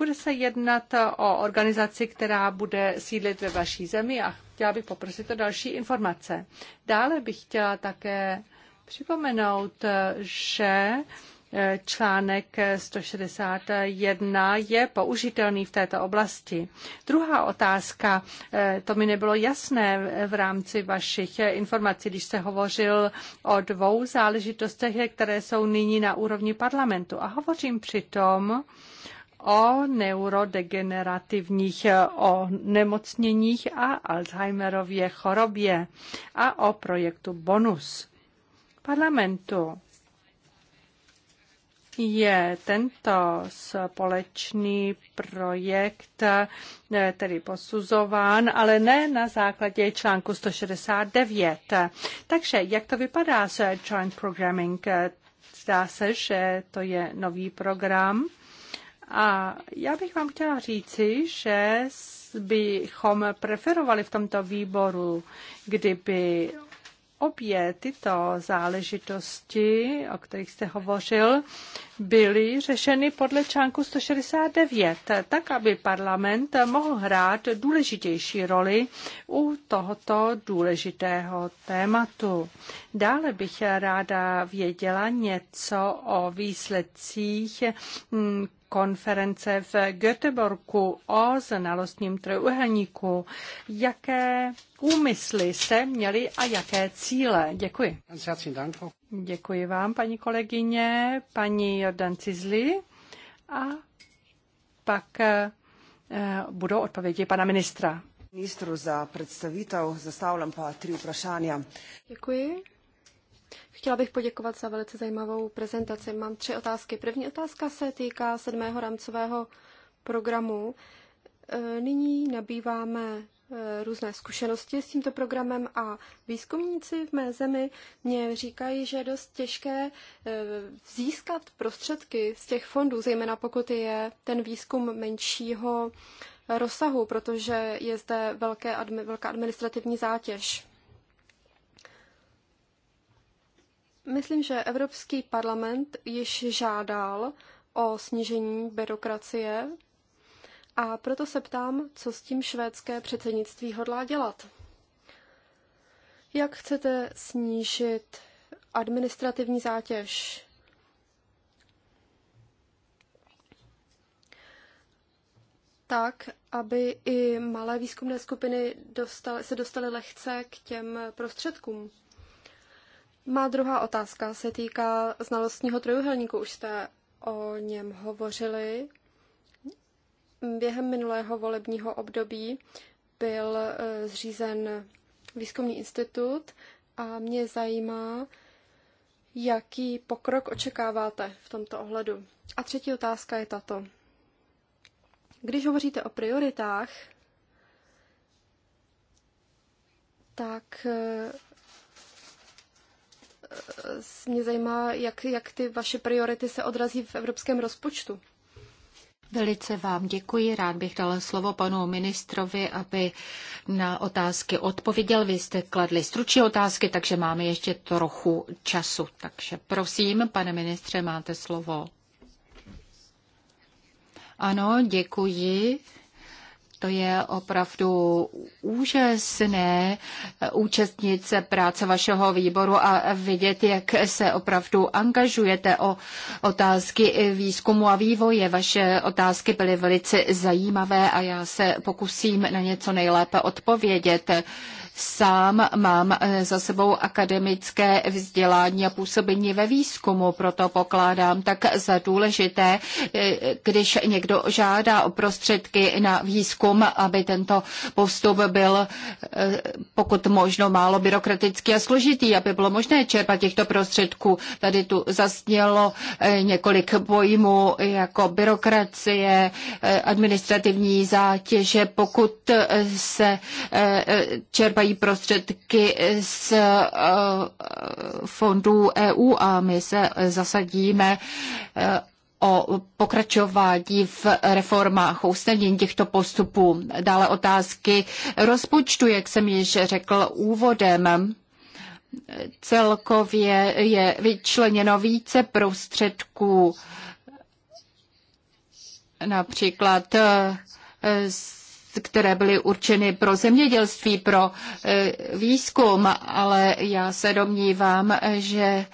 Bude se jednat o organizaci, která bude sídlit ve vaší zemi a chtěla bych poprosit o další informace. Dále bych chtěla také připomenout, že eh, článek 161 je použitelný v této oblasti. Druhá otázka, eh, to mi nebylo jasné v rámci vašich eh, informací, když jste hovořil o dvou záležitostech, které jsou nyní na úrovni parlamentu. A hovořím přitom o neurodegenerativních eh, onemocněních a Alzheimerově chorobě a o projektu Bonus parlamentu je tento společný projekt eh, tedy posuzován, ale ne na základě článku 169. Takže jak to vypadá s joint programming? Eh, zdá se, že to je nový program a já bych vám chtěla říci, že bychom preferovali v tomto výboru, kdyby obě tyto záležitosti, o kterých jste hovořil, byly řešeny podle článku 169, tak aby parlament mohl hrát důležitější roli u tohoto důležitého tématu. Dále bych ráda věděla něco o výsledcích mm, konference v Göteborgu o znalostním trojuhelníku. Jaké úmysly se měly a jaké cíle? Děkuji. Děkuji vám, paní kolegyně, paní Jordan Cizli a pak eh, budou odpovědi pana ministra. Ministru za představitel zastavím pa tři otázky. Děkuji. Chtěla bych poděkovat za velice zajímavou prezentaci. Mám tři otázky. První otázka se týká sedmého rámcového programu. E, nyní nabýváme e, různé zkušenosti s tímto programem a výzkumníci v mé zemi mě říkají, že je dost těžké e, získat prostředky z těch fondů, zejména pokud je ten výzkum menšího rozsahu, protože je zde velké, velká administrativní zátěž. Myslím, že Evropský parlament již žádal o snížení byrokracie a proto se ptám, co s tím švédské předsednictví hodlá dělat. Jak chcete snížit administrativní zátěž? Tak, aby i malé výzkumné skupiny dostali, se dostaly lehce k těm prostředkům. Má druhá otázka se týká znalostního trojuhelníku. Už jste o něm hovořili. Během minulého volebního období byl e, zřízen výzkumný institut a mě zajímá, jaký pokrok očekáváte v tomto ohledu. A třetí otázka je tato. Když hovoříte o prioritách, tak e, mě zajímá, jak, jak ty vaše priority se odrazí v evropském rozpočtu. Velice vám děkuji. Rád bych dal slovo panu ministrovi, aby na otázky odpověděl. Vy jste kladli stručné otázky, takže máme ještě trochu času. Takže prosím, pane ministře, máte slovo. Ano, děkuji. To je opravdu úžasné eh, účastnit se práce vašeho výboru a vidět, jak se opravdu angažujete o otázky výzkumu a vývoje. Vaše otázky byly velice zajímavé a já se pokusím na něco nejlépe odpovědět. Sám mám eh, za sebou akademické vzdělání a působení ve výzkumu, proto pokládám tak za důležité, eh, když někdo žádá o prostředky na výzkum, aby tento postup byl eh, pokud možno málo byrokratický a složitý, aby bylo možné čerpat těchto prostředků. Tady tu zasnělo několik pojmů jako byrokracie, administrativní zátěže. Pokud se čerpají čerpají prostředky z eh, fondů EU a my se zasadíme eh, o pokračování v reformách, usnadnění těchto postupů. Dále otázky rozpočtu, jak jsem již řekl úvodem. Celkově je vyčleněno více prostředků, například eh, z které byly určeny pro zemědělství, pro e, výzkum, ale já se domnívám, že e,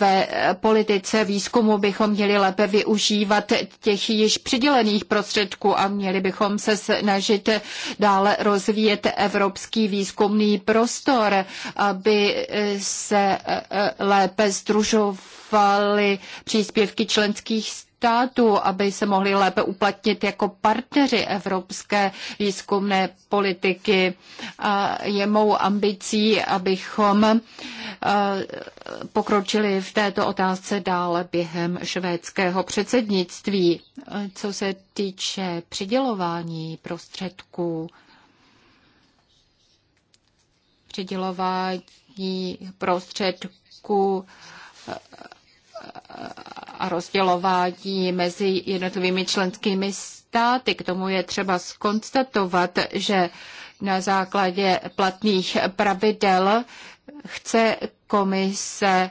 ve politice výzkumu bychom měli lépe využívat těch již přidělených prostředků a měli bychom se snažit dále rozvíjet evropský výzkumný prostor, aby se e, lépe združovaly příspěvky členských států států, aby se mohli lépe uplatnit jako partneři evropské výzkumné politiky. A je mou ambicí, abychom pokročili v této otázce dále během švédského předsednictví. Co se týče přidělování prostředků, přidělování prostředků a rozdělování mezi jednotlivými členskými státy. K tomu je třeba skonstatovat, že na základě platných pravidel chce komise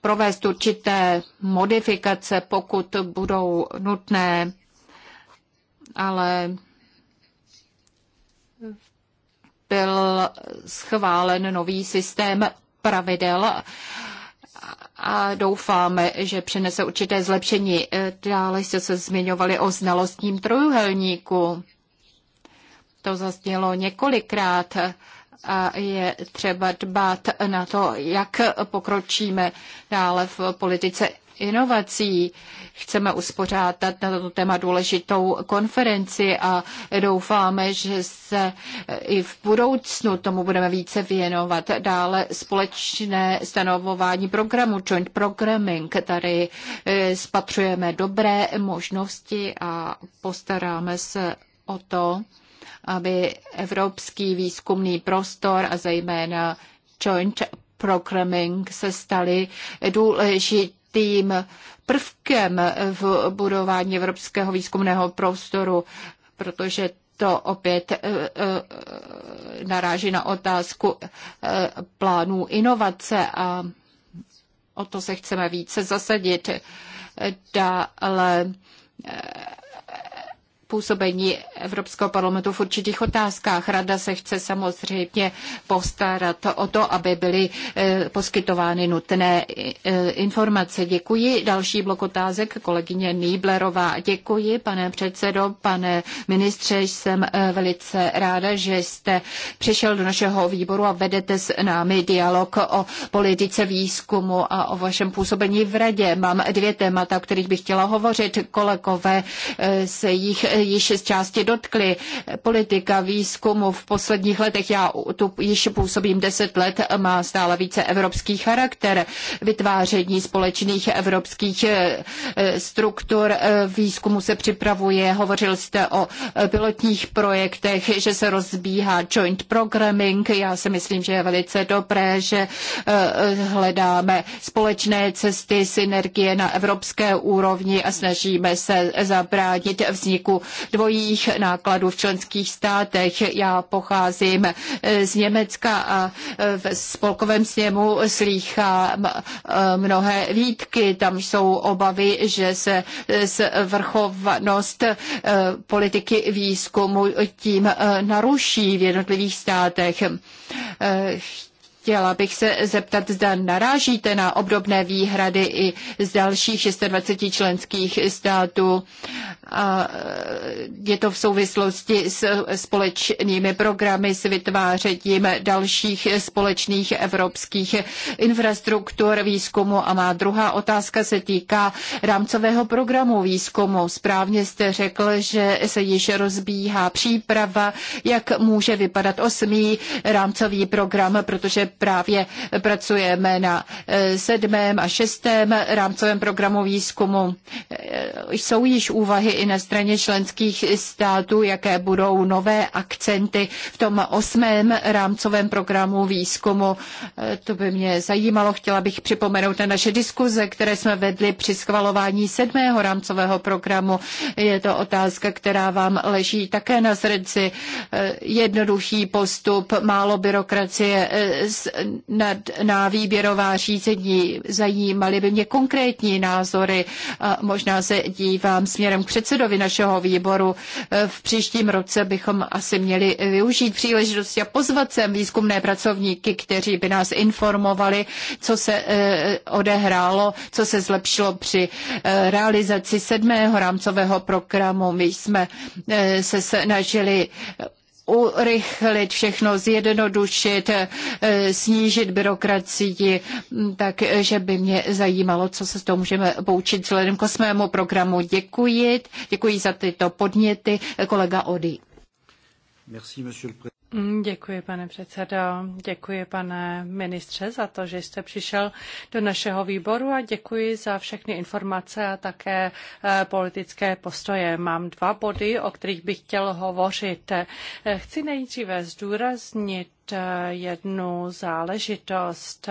provést určité modifikace, pokud budou nutné, ale byl schválen nový systém pravidel a doufáme, že přinese určité zlepšení. Dále jste se zmiňovali o znalostním trojuhelníku. To zaznělo několikrát a je třeba dbát na to, jak pokročíme dále v politice inovací. Chceme uspořádat na toto téma důležitou konferenci a doufáme, že se i v budoucnu tomu budeme více věnovat. Dále společné stanovování programu, joint programming. Tady eh, spatřujeme dobré možnosti a postaráme se o to, aby evropský výzkumný prostor a zejména joint programming se staly důležitým důležitým prvkem v budování evropského výzkumného prostoru, protože to opět eh, eh, naráží na otázku eh, plánů inovace a o to se chceme více zasadit. Dále působení Evropského parlamentu v určitých otázkách. Rada se chce samozřejmě postarat o to, aby byly eh, poskytovány nutné eh, informace. Děkuji. Další blok otázek, kolegyně Nýblerová. Děkuji, pane předsedo, pane ministře, jsem eh, velice ráda, že jste přišel do našeho výboru a vedete s námi dialog o politice výzkumu a o vašem působení v radě. Mám dvě témata, o kterých bych chtěla hovořit. Kolegové se jich již z části dotkli. Politika výzkumu v posledních letech, já tu již působím deset let, má stále více evropský charakter. Vytváření společných evropských eh, struktur eh, výzkumu se připravuje. Hovořil jste o eh, pilotních projektech, že se rozbíhá joint programming. Já si myslím, že je velice dobré, že hledáme společné cesty, synergie na evropské úrovni a snažíme se zabránit vzniku dvojích nákladů v členských státech. Já pocházím eh, z Německa a eh, v spolkovém sněmu slýchám eh, mnohé výtky. Tam jsou obavy, že se svrchovanost politiky výzkumu tím naruší v jednotlivých státech. Chtěla bych se zeptat, zda narážíte na obdobné výhrady i z dalších 26 členských států. A e, je to v souvislosti s společnými programy, s vytvářením dalších společných evropských infrastruktur výzkumu. A má druhá otázka se týká rámcového programu výzkumu. Správně jste řekl, že se již rozbíhá příprava, jak může vypadat osmý rámcový program, protože právě pracujeme na eh, sedmém a šestém rámcovém programu výzkumu. Eh, jsou již úvahy i na straně členských států, jaké budou nové akcenty v tom osmém rámcovém programu výzkumu. Eh, to by mě zajímalo. Chtěla bych připomenout na naše diskuze, které jsme vedli při schvalování sedmého rámcového programu. Je to otázka, která vám leží také na srdci. Jednoduchý postup, málo byrokracie, na, na výběrová řízení. Zajímaly by mě konkrétní názory. A možná se dívám směrem k předsedovi našeho výboru. V příštím roce bychom asi měli využít příležitosti a pozvat sem výzkumné pracovníky, kteří by nás informovali, co se eh, odehrálo, co se zlepšilo při eh, realizaci sedmého rámcového programu. My jsme eh, se snažili urychlit všechno, zjednodušit, eh, snížit byrokracii, mm, takže eh, by mě zajímalo, co se z toho můžeme poučit vzhledem k osmému programu. Děkuji, děkuji za tyto podněty, eh, kolega Odi. Merci, Mm, děkuji, pane předsedo. Děkuji, pane ministře, za to, že jste přišel do našeho výboru a děkuji za všechny informace a také eh, politické postoje. Mám dva body, o kterých bych chtěl hovořit. Eh, chci nejdříve zdůraznit jednu záležitost.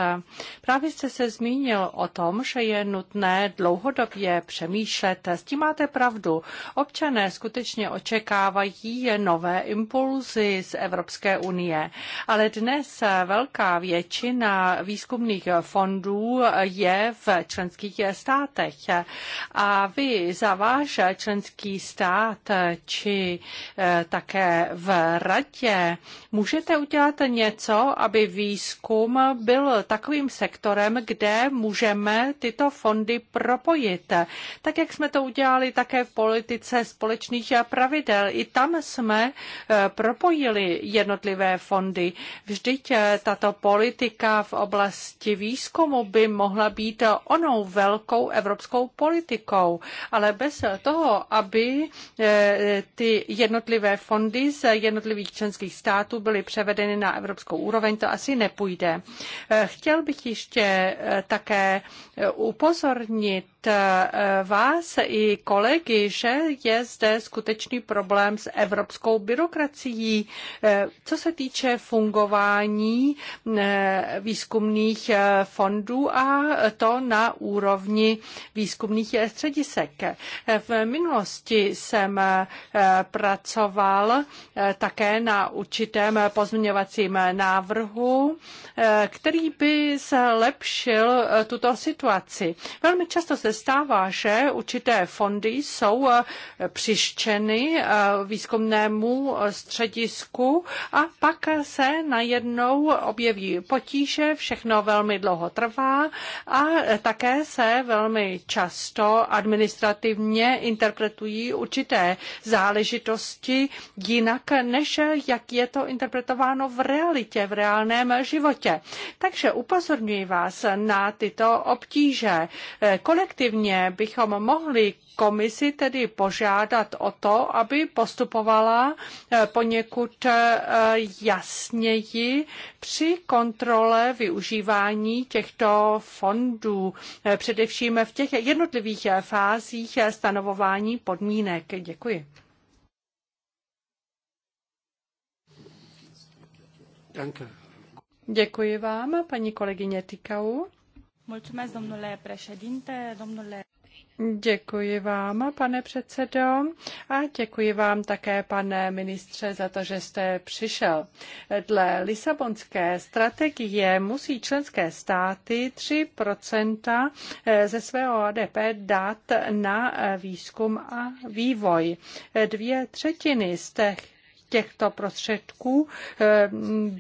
Právě jste se zmínil o tom, že je nutné dlouhodobě přemýšlet. S tím máte pravdu. Občané skutečně očekávají nové impulzy z Evropské unie, ale dnes velká většina výzkumných fondů je v členských státech. A vy za váš členský stát či eh, také v radě můžete udělat něco, aby výzkum byl takovým sektorem, kde můžeme tyto fondy propojit. Tak, jak jsme to udělali také v politice společných pravidel. I tam jsme eh, propojili jednotlivé fondy. Vždyť eh, tato politika v oblasti výzkumu by mohla být onou velkou evropskou politikou, ale bez toho, aby eh, ty jednotlivé fondy z jednotlivých členských států byly převedeny na evropskou úroveň to asi nepůjde. Eh, chtěl bych ještě eh, také upozornit Eh, vás i kolegy, že je zde skutečný problém s evropskou byrokracií. Eh, co se týče fungování eh, výzkumných fondů a to na úrovni výzkumných středisek. V minulosti jsem pracoval také na určitém pozměňovacím návrhu, který by zlepšil tuto situaci. Velmi často se stává, že určité fondy jsou eh, přiščeny eh, výzkumnému eh, středisku a pak se najednou objeví potíže, všechno velmi dlouho trvá a také se velmi často administrativně interpretují určité záležitosti jinak, než jak je to interpretováno v realitě, v reálném životě. Takže upozorňuji vás na tyto obtíže. Kolektiv Alternativně bychom mohli komisi tedy požádat o to, aby postupovala eh, poněkud eh, jasněji při kontrole využívání těchto fondů, eh, především v těch jednotlivých fázích stanovování podmínek. Děkuji. Děkuji vám, paní kolegyně Tikau. Mulțumesc, domnule președinte, domnule... Děkuji vám, pane předsedo, a děkuji vám také, pane ministře, za to, že jste přišel. Dle Lisabonské strategie musí členské státy 3 eh, ze svého ADP dát na eh, výzkum a vývoj. Dvě třetiny z těch těchto prostředků eh,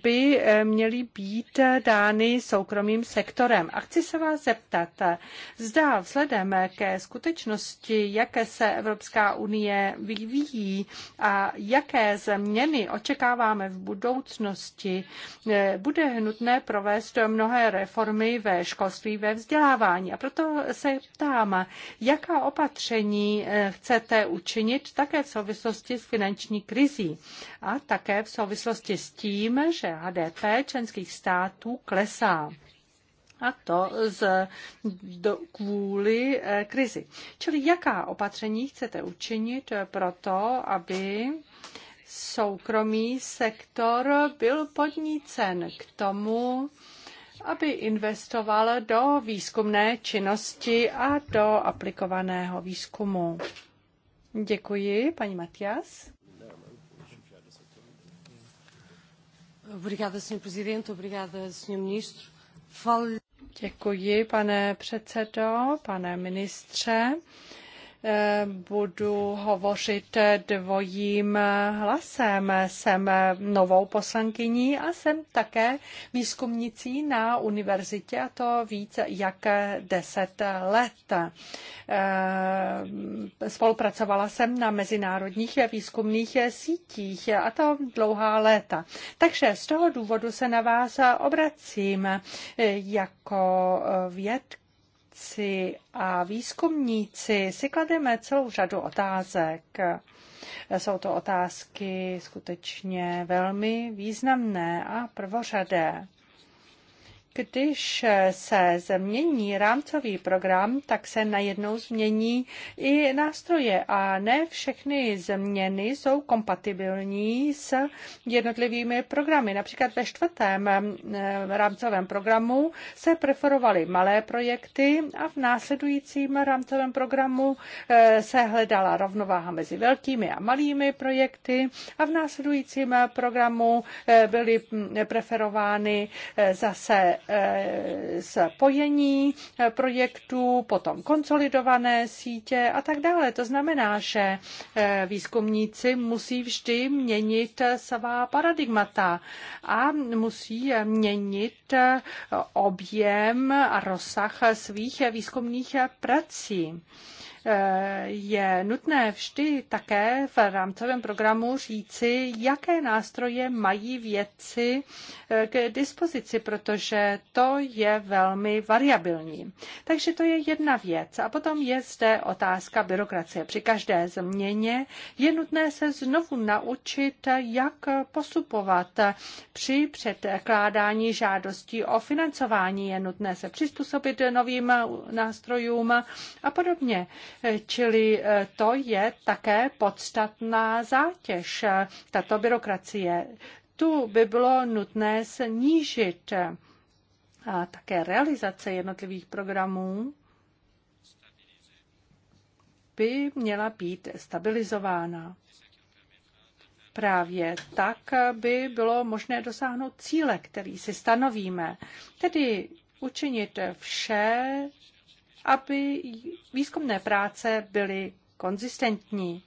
by eh, měly být dány soukromým sektorem. A chci se vás zeptat, zda vzhledem ke skutečnosti, jaké se Evropská unie vyvíjí a jaké změny očekáváme v budoucnosti, eh, bude nutné provést mnohé reformy ve školství, ve vzdělávání. A proto se ptám, jaká opatření chcete učinit také v souvislosti s finanční krizí a také v souvislosti s tím, že HDP členských států klesá a to z, do, kvůli eh, krizi. Čili jaká opatření chcete učinit pro to, aby soukromý sektor byl podnícen k tomu, aby investoval do výzkumné činnosti a do aplikovaného výzkumu. Děkuji, paní Matias. Děkuji, pane předsedo, pane ministře budu hovořit dvojím hlasem. Jsem novou poslankyní a jsem také výzkumnicí na univerzitě a to více jak deset let. Eh, spolupracovala jsem na mezinárodních výzkumných sítích a to dlouhá léta. Takže z toho důvodu se na vás obracím eh, jako eh, vědka vědci a výzkumníci si klademe celou řadu otázek. Jsou to otázky skutečně velmi významné a prvořadé. Když se změní rámcový program, tak se najednou změní i nástroje a ne všechny změny jsou kompatibilní s jednotlivými programy. Například ve čtvrtém eh, rámcovém programu se preferovaly malé projekty a v následujícím rámcovém programu eh, se hledala rovnováha mezi velkými a malými projekty a v následujícím programu eh, byly hm, preferovány zase spojení eh, eh, projektů, potom konsolidované sítě a tak dále. To znamená, že eh, výzkumníci musí vždy měnit svá paradigmata a musí měnit objem a rozsah svých výzkumných prací je nutné vždy také v rámcovém programu říci, jaké nástroje mají vědci eh, k dispozici, protože to je velmi variabilní. Takže to je jedna věc. A potom je zde otázka byrokracie. Při každé změně je nutné se znovu naučit, jak postupovat. Při předkládání žádostí o financování je nutné se přizpůsobit novým nástrojům a podobně. Čili eh, to je také podstatná zátěž, eh, tato byrokracie. Tu by bylo nutné snížit eh, a také realizace jednotlivých programů by měla být stabilizována. Právě tak by bylo možné dosáhnout cíle, který si stanovíme, tedy učinit vše aby výzkumné práce byly konzistentní.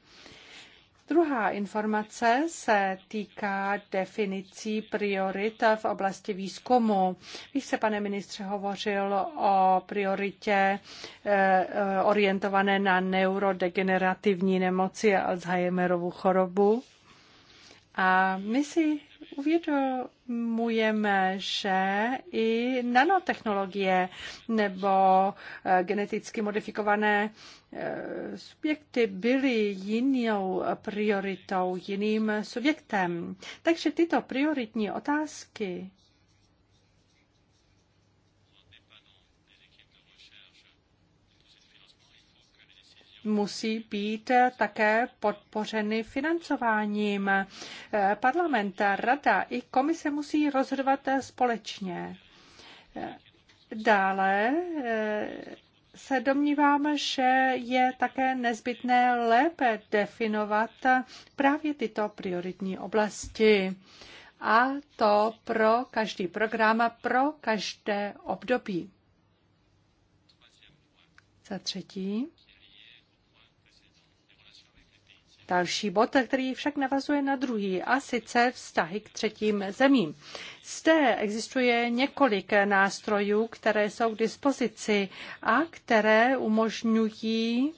Druhá informace se týká definicí priorit v oblasti výzkumu. Vy jste, pane ministře, hovořil o prioritě eh, eh, orientované na neurodegenerativní nemoci a Alzheimerovu chorobu. A my si uvědomujeme, že i nanotechnologie nebo eh, geneticky modifikované eh, subjekty byly jinou prioritou, jiným subjektem. Takže tyto prioritní otázky musí být také podpořeny financováním. Parlament, rada i komise musí rozhodovat společně. Dále eh, se domnívám, že je také nezbytné lépe definovat právě tyto prioritní oblasti. A to pro každý program, pro každé období. Za třetí, Další bod, který však navazuje na druhý, a sice vztahy k třetím zemím. Zde existuje několik nástrojů, které jsou k dispozici a které umožňují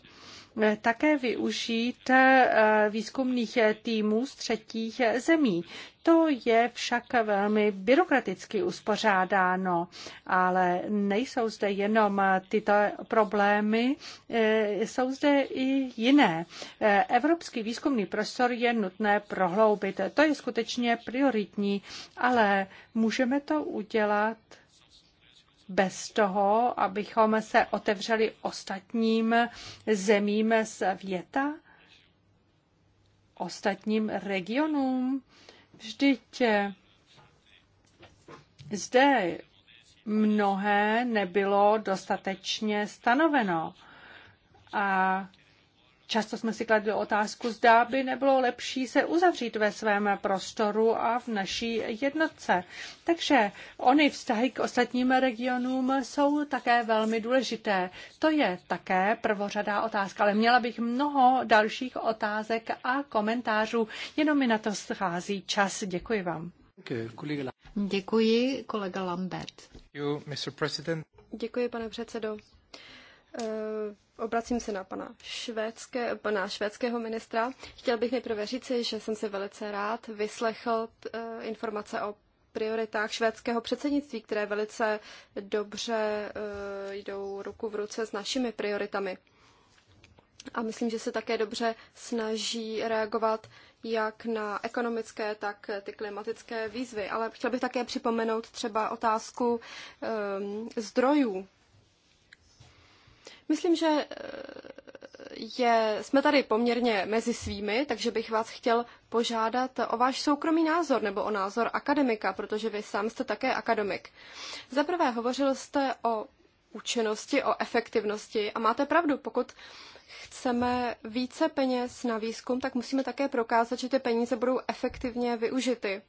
také využít eh, výzkumných týmů z třetích zemí. To je však velmi byrokraticky uspořádáno, ale nejsou zde jenom tyto problémy, eh, jsou zde i jiné. Eh, evropský výzkumný prostor je nutné prohloubit. To je skutečně prioritní, ale můžeme to udělat bez toho, abychom se otevřeli ostatním zemím světa, ostatním regionům. Vždyť eh, zde mnohé nebylo dostatečně stanoveno. A Často jsme si kladli otázku, zda by nebylo lepší se uzavřít ve svém prostoru a v naší jednotce. Takže ony vztahy k ostatním regionům jsou také velmi důležité. To je také prvořadá otázka, ale měla bych mnoho dalších otázek a komentářů. Jenom mi na to schází čas. Děkuji vám. Děkuji, kolega Lambert. Děkuji, pane předsedo. Eh, Obracím se na pana, švédské, pana švédského ministra. Chtěl bych nejprve říci, že jsem si velice rád vyslechl eh, informace o prioritách švédského předsednictví, které velice dobře eh, jdou ruku v ruce s našimi prioritami. A myslím, že se také dobře snaží reagovat jak na ekonomické, tak ty klimatické výzvy. Ale chtěl bych také připomenout třeba otázku um, zdrojů Myslím, že eh, je, jsme tady poměrně mezi svými, takže bych vás chtěl požádat o váš soukromý názor nebo o názor akademika, protože vy sám jste také akademik. Za prvé, hovořil jste o účinnosti, o efektivnosti a máte pravdu, pokud chceme více peněz na výzkum, tak musíme také prokázat, že ty peníze budou efektivně využity.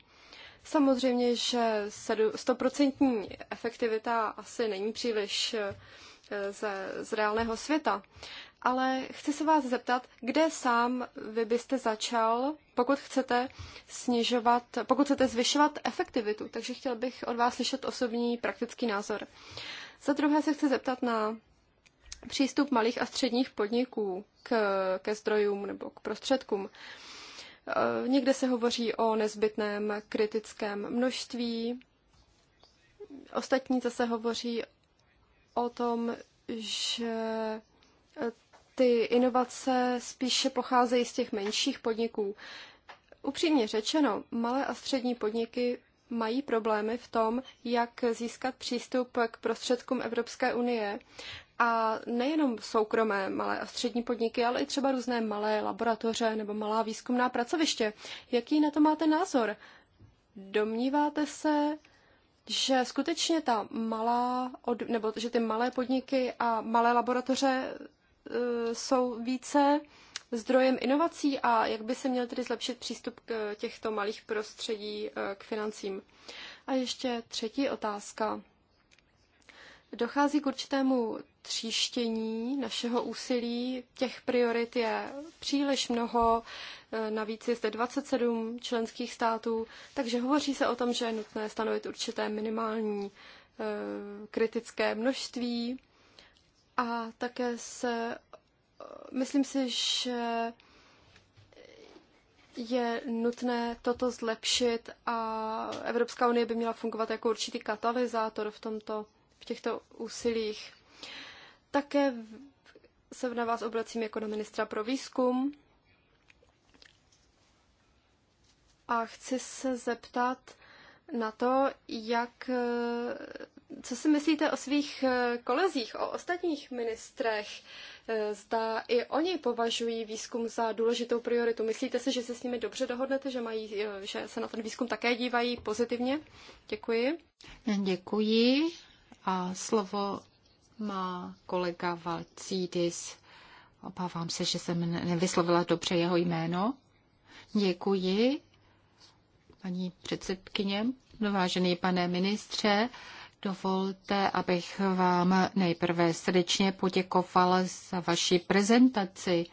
Samozřejmě, že 100% efektivita asi není příliš eh, z, z reálného světa. Ale chci se vás zeptat, kde sám vy byste začal, pokud chcete snižovat, pokud chcete zvyšovat efektivitu. Takže chtěl bych od vás slyšet osobní praktický názor. Za druhé se chci zeptat na přístup malých a středních podniků k, ke zdrojům nebo k prostředkům. E, někde se hovoří o nezbytném kritickém množství, ostatní zase hovoří o tom, že ty inovace spíše pocházejí z těch menších podniků. Upřímně řečeno, malé a střední podniky mají problémy v tom, jak získat přístup k prostředkům Evropské unie. A nejenom soukromé malé a střední podniky, ale i třeba různé malé laboratoře nebo malá výzkumná pracoviště. Jaký na to máte názor? Domníváte se, že skutečně ta malá, od, nebo že ty malé podniky a malé laboratoře e, jsou více zdrojem inovací a jak by se měl tedy zlepšit přístup k těchto malých prostředí e, k financím. A ještě třetí otázka. Dochází k určitému tříštění našeho úsilí. Těch priorit je příliš mnoho, Eh, navíc je zde 27 členských států, takže hovoří se o tom, že je nutné stanovit určité minimální eh, kritické množství a také se, eh, myslím si, že je nutné toto zlepšit a Evropská unie by měla fungovat jako určitý katalyzátor v, tomto, v těchto úsilích. Také se na vás obracím jako na ministra pro výzkum. a chci se zeptat na to, jak, co si myslíte o svých eh, kolezích, o ostatních ministrech. Eh, zda i oni považují výzkum za důležitou prioritu. Myslíte si, že se s nimi dobře dohodnete, že, mají, eh, že se na ten výzkum také dívají pozitivně? Děkuji. Děkuji. A slovo má kolega Valcídis. Obávám se, že jsem nevyslovila dobře jeho jméno. Děkuji paní předsedkyně, no, vážený pane ministře. Dovolte, abych vám nejprve srdečně poděkovala za vaši prezentaci.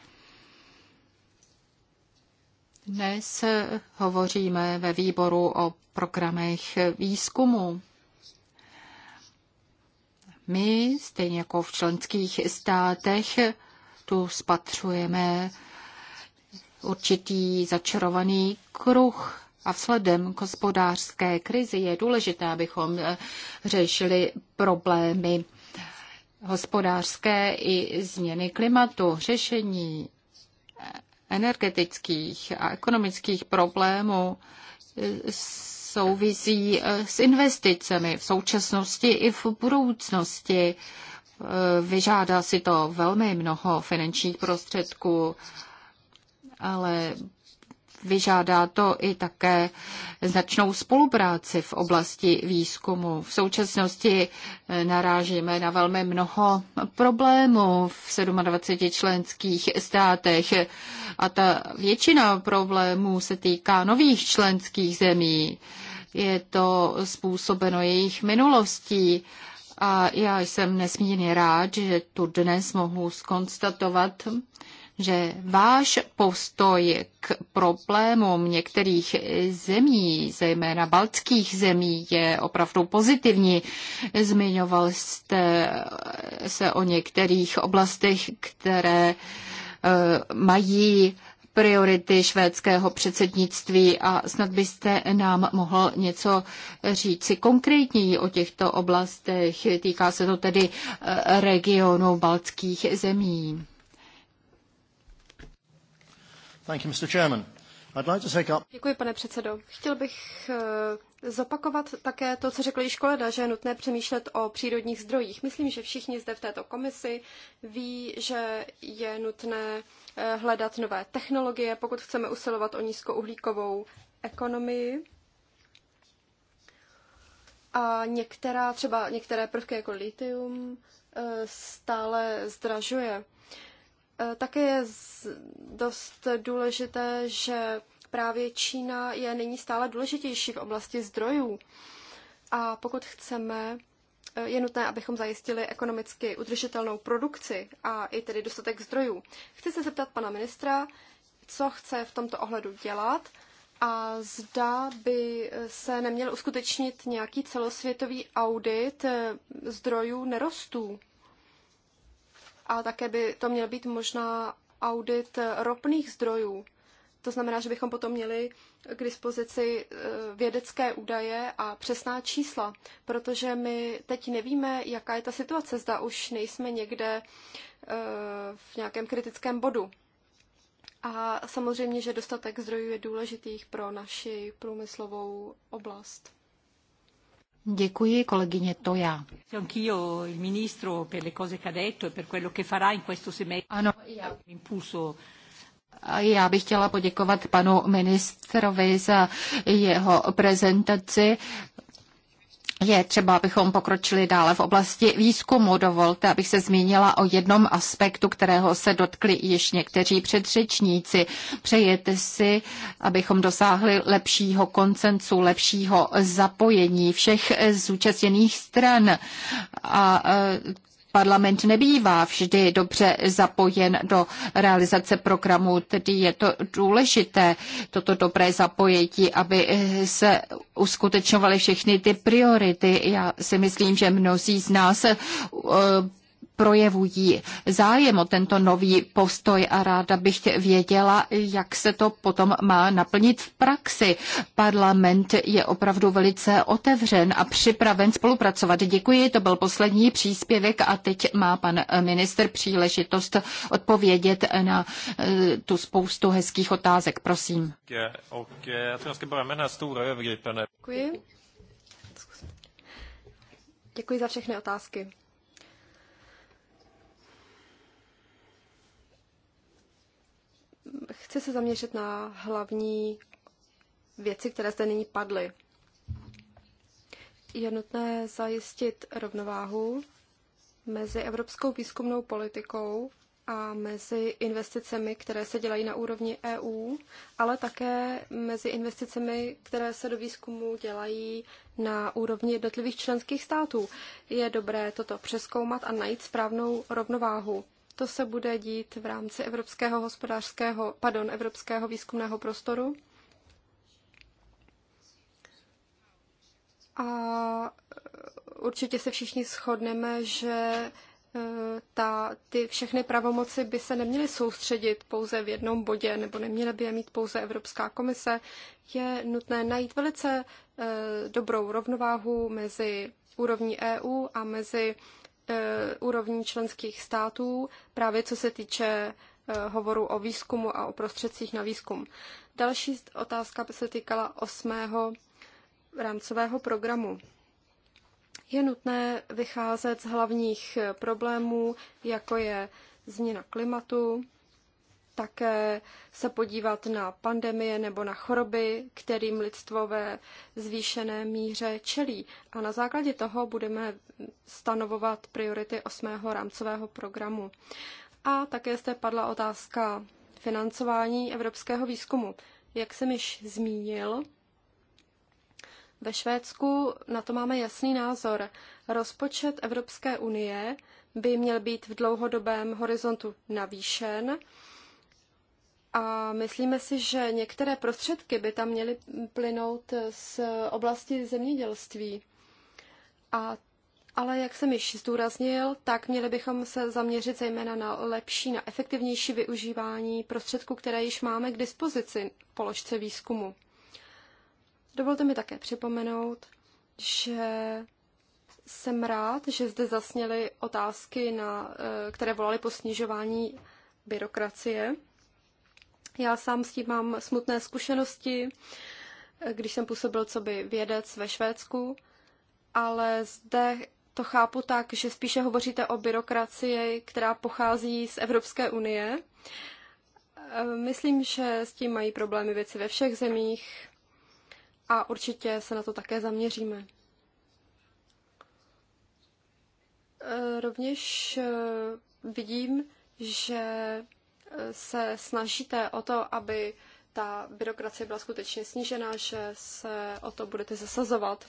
Dnes hovoříme ve výboru o programech výzkumu. My, stejně jako v členských státech, tu spatřujeme určitý začarovaný kruh a vzhledem k hospodářské krizi je důležité, abychom eh, řešili problémy hospodářské i změny klimatu, řešení eh, energetických a ekonomických problémů eh, souvisí s investicemi v současnosti i v budoucnosti. Vyžádá si to velmi mnoho finančních prostředků, ale vyžádá to i také značnou spolupráci v oblasti výzkumu. V současnosti eh, narážíme na velmi mnoho problémů v 27 členských státech a ta většina problémů se týká nových členských zemí. Je to způsobeno jejich minulostí a já jsem nesmírně rád, že tu dnes mohu skonstatovat, že váš postoj k problémům některých zemí, zejména baltských zemí, je opravdu pozitivní. Zmiňoval jste se o některých oblastech, které e, mají priority švédského předsednictví a snad byste nám mohl něco říci konkrétněji o těchto oblastech. Týká se to tedy e, regionu baltských zemí. Děkuji, pane předsedo. Chtěl bych eh, zopakovat také to, co řekl již kolega, že je nutné přemýšlet o přírodních zdrojích. Myslím, že všichni zde v této komisi ví, že je nutné eh, hledat nové technologie, pokud chceme usilovat o nízkouhlíkovou ekonomii. A některá, třeba některé prvky jako litium eh, stále zdražuje. Eh, také je dost důležité, že právě Čína je nyní stále důležitější v oblasti zdrojů. A pokud chceme, eh, je nutné, abychom zajistili ekonomicky udržitelnou produkci a i tedy dostatek zdrojů. Chci se zeptat pana ministra, co chce v tomto ohledu dělat a zda by eh, se neměl uskutečnit nějaký celosvětový audit zdrojů nerostů a také by to měl být možná audit ropných zdrojů. To znamená, že bychom potom měli k dispozici e, vědecké údaje a přesná čísla, protože my teď nevíme, jaká je ta situace, zda už nejsme někde e, v nějakém kritickém bodu. A samozřejmě, že dostatek zdrojů je důležitých pro naši průmyslovou oblast. Děkuji kolegyně Toja. E ano, já, já bych chtěla poděkovat panu ministrovi za jeho prezentaci je třeba, abychom pokročili dále v oblasti výzkumu. Dovolte, abych se zmínila o jednom aspektu, kterého se dotkli již někteří předřečníci. Přejete si, abychom dosáhli lepšího koncensu, lepšího zapojení všech zúčastněných stran. A e, parlament nebývá vždy dobře zapojen do realizace programu, tedy je to důležité, toto dobré zapojetí, aby se uskutečňovaly všechny ty priority. Já si myslím, že mnozí z nás eh, projevují zájem o tento nový postoj a ráda bych věděla, jak se to potom má naplnit v praxi. Parlament je opravdu velice otevřen a připraven spolupracovat. Děkuji, to byl poslední příspěvek a teď má pan minister příležitost odpovědět na eh, tu spoustu hezkých otázek. Prosím. Eh, Děkuji. Děkuji za všechny otázky. Chci se zaměřit na hlavní věci, které zde nyní padly. Je nutné zajistit rovnováhu mezi evropskou výzkumnou politikou a mezi investicemi, které se dělají na úrovni EU, ale také mezi investicemi, které se do výzkumu dělají na úrovni jednotlivých členských států. Je dobré toto přeskoumat a najít správnou rovnováhu. To se bude dít v rámci Evropského hospodářského, pardon, Evropského výzkumného prostoru. A e, určitě se všichni shodneme, že e, ta, ty všechny pravomoci by se neměly soustředit pouze v jednom bodě, nebo neměly by je mít pouze Evropská komise. Je nutné najít velice e, dobrou rovnováhu mezi úrovní EU a mezi E, úrovní členských států, právě co se týče e, hovoru o výzkumu a o prostředcích na výzkum. Další otázka by se týkala osmého rámcového programu. Je nutné vycházet z hlavních e, problémů, jako je změna klimatu, také se podívat na pandemie nebo na choroby, kterým lidstvo ve zvýšené míře čelí. A na základě toho budeme stanovovat priority osmého rámcového programu. A také zde padla otázka financování evropského výzkumu. Jak jsem již zmínil, ve Švédsku na to máme jasný názor. Rozpočet Evropské unie by měl být v dlouhodobém horizontu navýšen a myslíme si, že některé prostředky by tam měly plynout z oblasti zemědělství. A, ale jak jsem již zdůraznil, tak měli bychom se zaměřit zejména na lepší, na efektivnější využívání prostředků, které již máme k dispozici v položce výzkumu. Dovolte mi také připomenout, že jsem rád, že zde zasněly otázky, na, eh, které volaly po snižování byrokracie. Já sám s tím mám smutné zkušenosti, když jsem působil co by vědec ve Švédsku, ale zde to chápu tak, že spíše hovoříte o byrokracii, která pochází z Evropské unie. Myslím, že s tím mají problémy věci ve všech zemích a určitě se na to také zaměříme. Rovněž eh, vidím, že se snažíte o to, aby ta byrokracie byla skutečně snížená, že se o to budete zasazovat.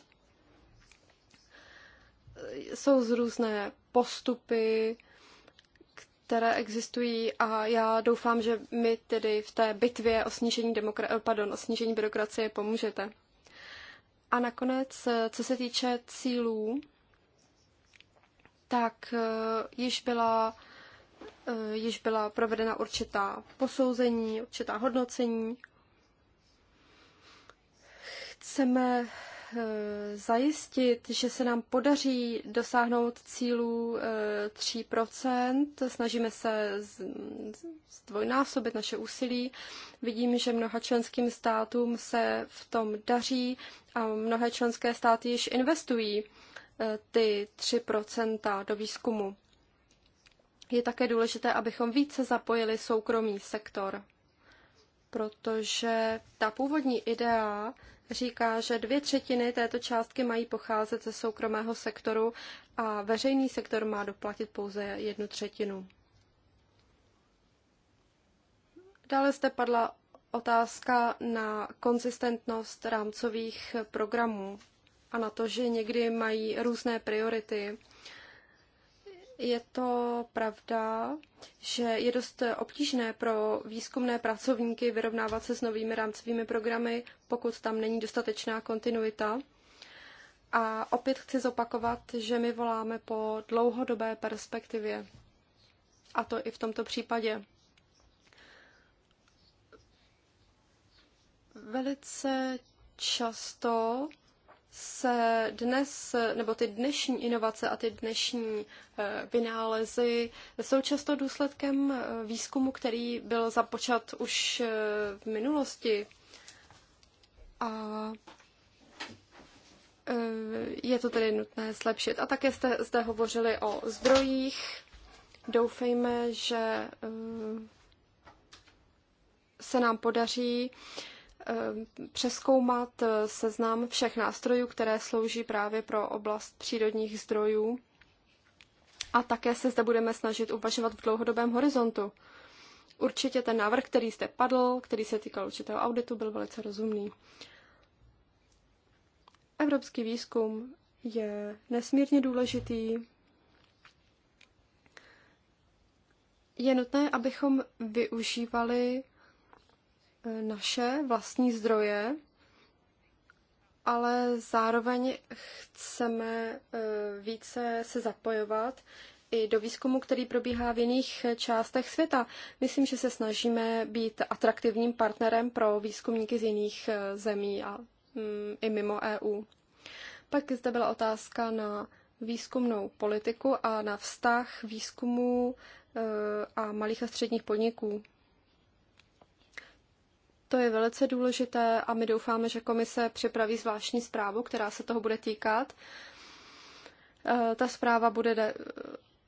Jsou z různé postupy, které existují a já doufám, že mi tedy v té bitvě o snížení, demokra- pardon, o snížení byrokracie pomůžete. A nakonec, co se týče cílů, tak eh, již byla E, již byla provedena určitá posouzení, určitá hodnocení. Chceme e, zajistit, že se nám podaří dosáhnout cílů 3%. E, Snažíme se zdvojnásobit naše úsilí. Vidím, že mnoha členským státům se v tom daří a mnohé členské státy již investují ty 3% do výzkumu. Je také důležité, abychom více zapojili soukromý sektor, protože ta původní idea říká, že dvě třetiny této částky mají pocházet ze soukromého sektoru a veřejný sektor má doplatit pouze jednu třetinu. Dále zde padla otázka na konzistentnost rámcových programů a na to, že někdy mají různé priority je to pravda, že je dost obtížné pro výzkumné pracovníky vyrovnávat se s novými rámcovými programy, pokud tam není dostatečná kontinuita. A opět chci zopakovat, že my voláme po dlouhodobé perspektivě. A to i v tomto případě. Velice často se dnes, nebo ty dnešní inovace a ty dnešní eh, vynálezy jsou často důsledkem eh, výzkumu, který byl započat už eh, v minulosti. A je to tedy nutné zlepšit. A také jste zde hovořili o zdrojích. Doufejme, že se nám podaří uh, Eh, přeskoumat eh, seznam všech nástrojů, které slouží právě pro oblast přírodních zdrojů. A také se zde budeme snažit uvažovat v dlouhodobém horizontu. Určitě ten návrh, který zde padl, který se týkal určitého auditu, byl velice rozumný. Evropský výzkum je nesmírně důležitý. Je nutné, abychom využívali naše vlastní zdroje, ale zároveň chceme eh, více se zapojovat i do výzkumu, který probíhá v jiných částech světa. Myslím, že se snažíme být atraktivním partnerem pro výzkumníky z jiných eh, zemí a mm, i mimo EU. Pak zde byla otázka na výzkumnou politiku a na vztah výzkumu eh, a malých a středních podniků. To je velice důležité a my doufáme, že komise připraví zvláštní zprávu, která se toho bude týkat. Eh, ta zpráva bude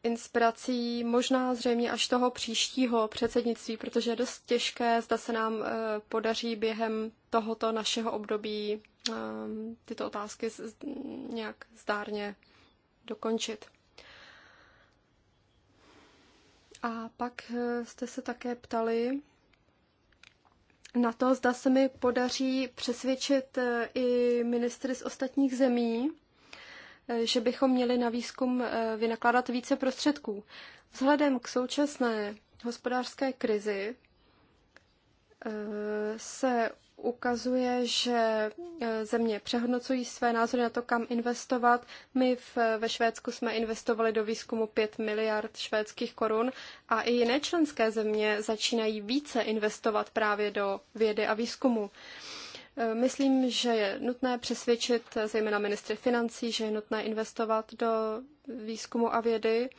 inspirací možná zřejmě až toho příštího předsednictví, protože je dost těžké, zda se nám eh, podaří během tohoto našeho období eh, tyto otázky nějak zdárně dokončit. A pak jste se také ptali, na to, zda se mi podaří přesvědčit e, i ministry z ostatních zemí, e, že bychom měli na výzkum e, vynakládat více prostředků. Vzhledem k současné hospodářské krizi se ukazuje, že e, země přehodnocují své názory na to, kam investovat. My v, ve Švédsku jsme investovali do výzkumu 5 miliard švédských korun a i jiné členské země začínají více investovat právě do vědy a výzkumu. E, myslím, že je nutné přesvědčit e, zejména ministry financí, že je nutné investovat do výzkumu a vědy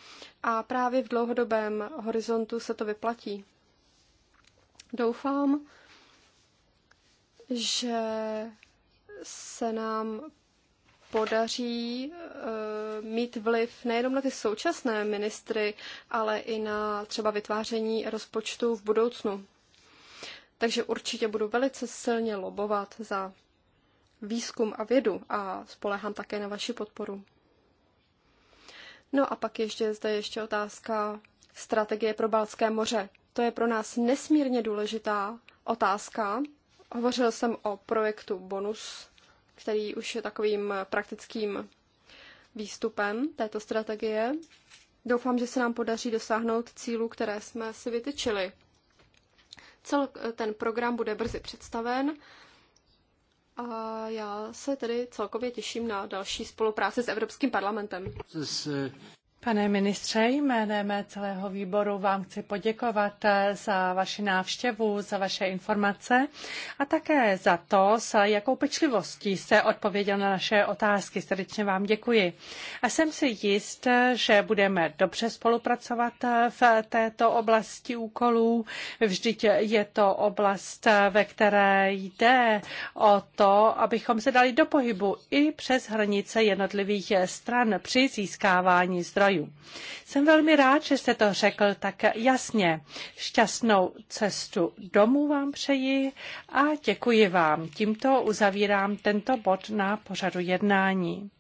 a právě v dlouhodobém horizontu se to vyplatí. Doufám, že se nám podaří uh, mít vliv nejenom na ty současné ministry, ale i na třeba vytváření rozpočtu v budoucnu. Takže určitě budu velice silně lobovat za výzkum a vědu a spolehám také na vaši podporu. No a pak ještě zde ještě otázka strategie pro Balské moře. To je pro nás nesmírně důležitá otázka, Hovořil jsem o projektu Bonus, který už je takovým praktickým výstupem této strategie. Doufám, že se nám podaří dosáhnout cílů, které jsme si vytyčili. Cel ten program bude brzy představen a já se tedy celkově těším na další spolupráci s Evropským parlamentem. Pane ministře, jménem celého výboru vám chci poděkovat eh, za vaši návštěvu, za vaše informace a také za to, s jakou pečlivostí jste odpověděl na naše otázky. Srdečně vám děkuji. A jsem si jist, že budeme dobře spolupracovat eh, v této oblasti úkolů. Vždyť je to oblast, eh, ve které jde o to, abychom se dali do pohybu i přes hranice jednotlivých stran při získávání zdrojů údajů. Jsem velmi rád, že jste to řekl tak jasně. Šťastnou cestu domů vám přeji a děkuji vám. Tímto uzavírám tento bod na pořadu jednání.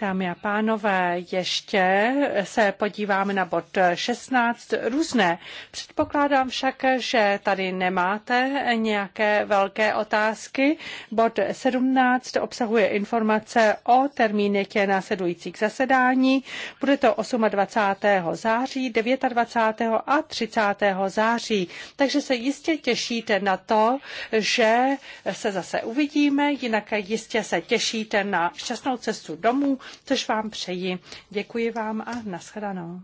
Dámy a pánové, ještě se podíváme na bod 16 různé. Předpokládám však, že tady nemáte nějaké velké otázky. Bod 17 obsahuje informace o termíně těch následujících zasedání. Bude to 28. září, 29. a 30. září. Takže se jistě těšíte na to, že se zase uvidíme, jinak jistě se těšíte na šťastnou cestu domů což vám přeji. Děkuji vám a nashledanou.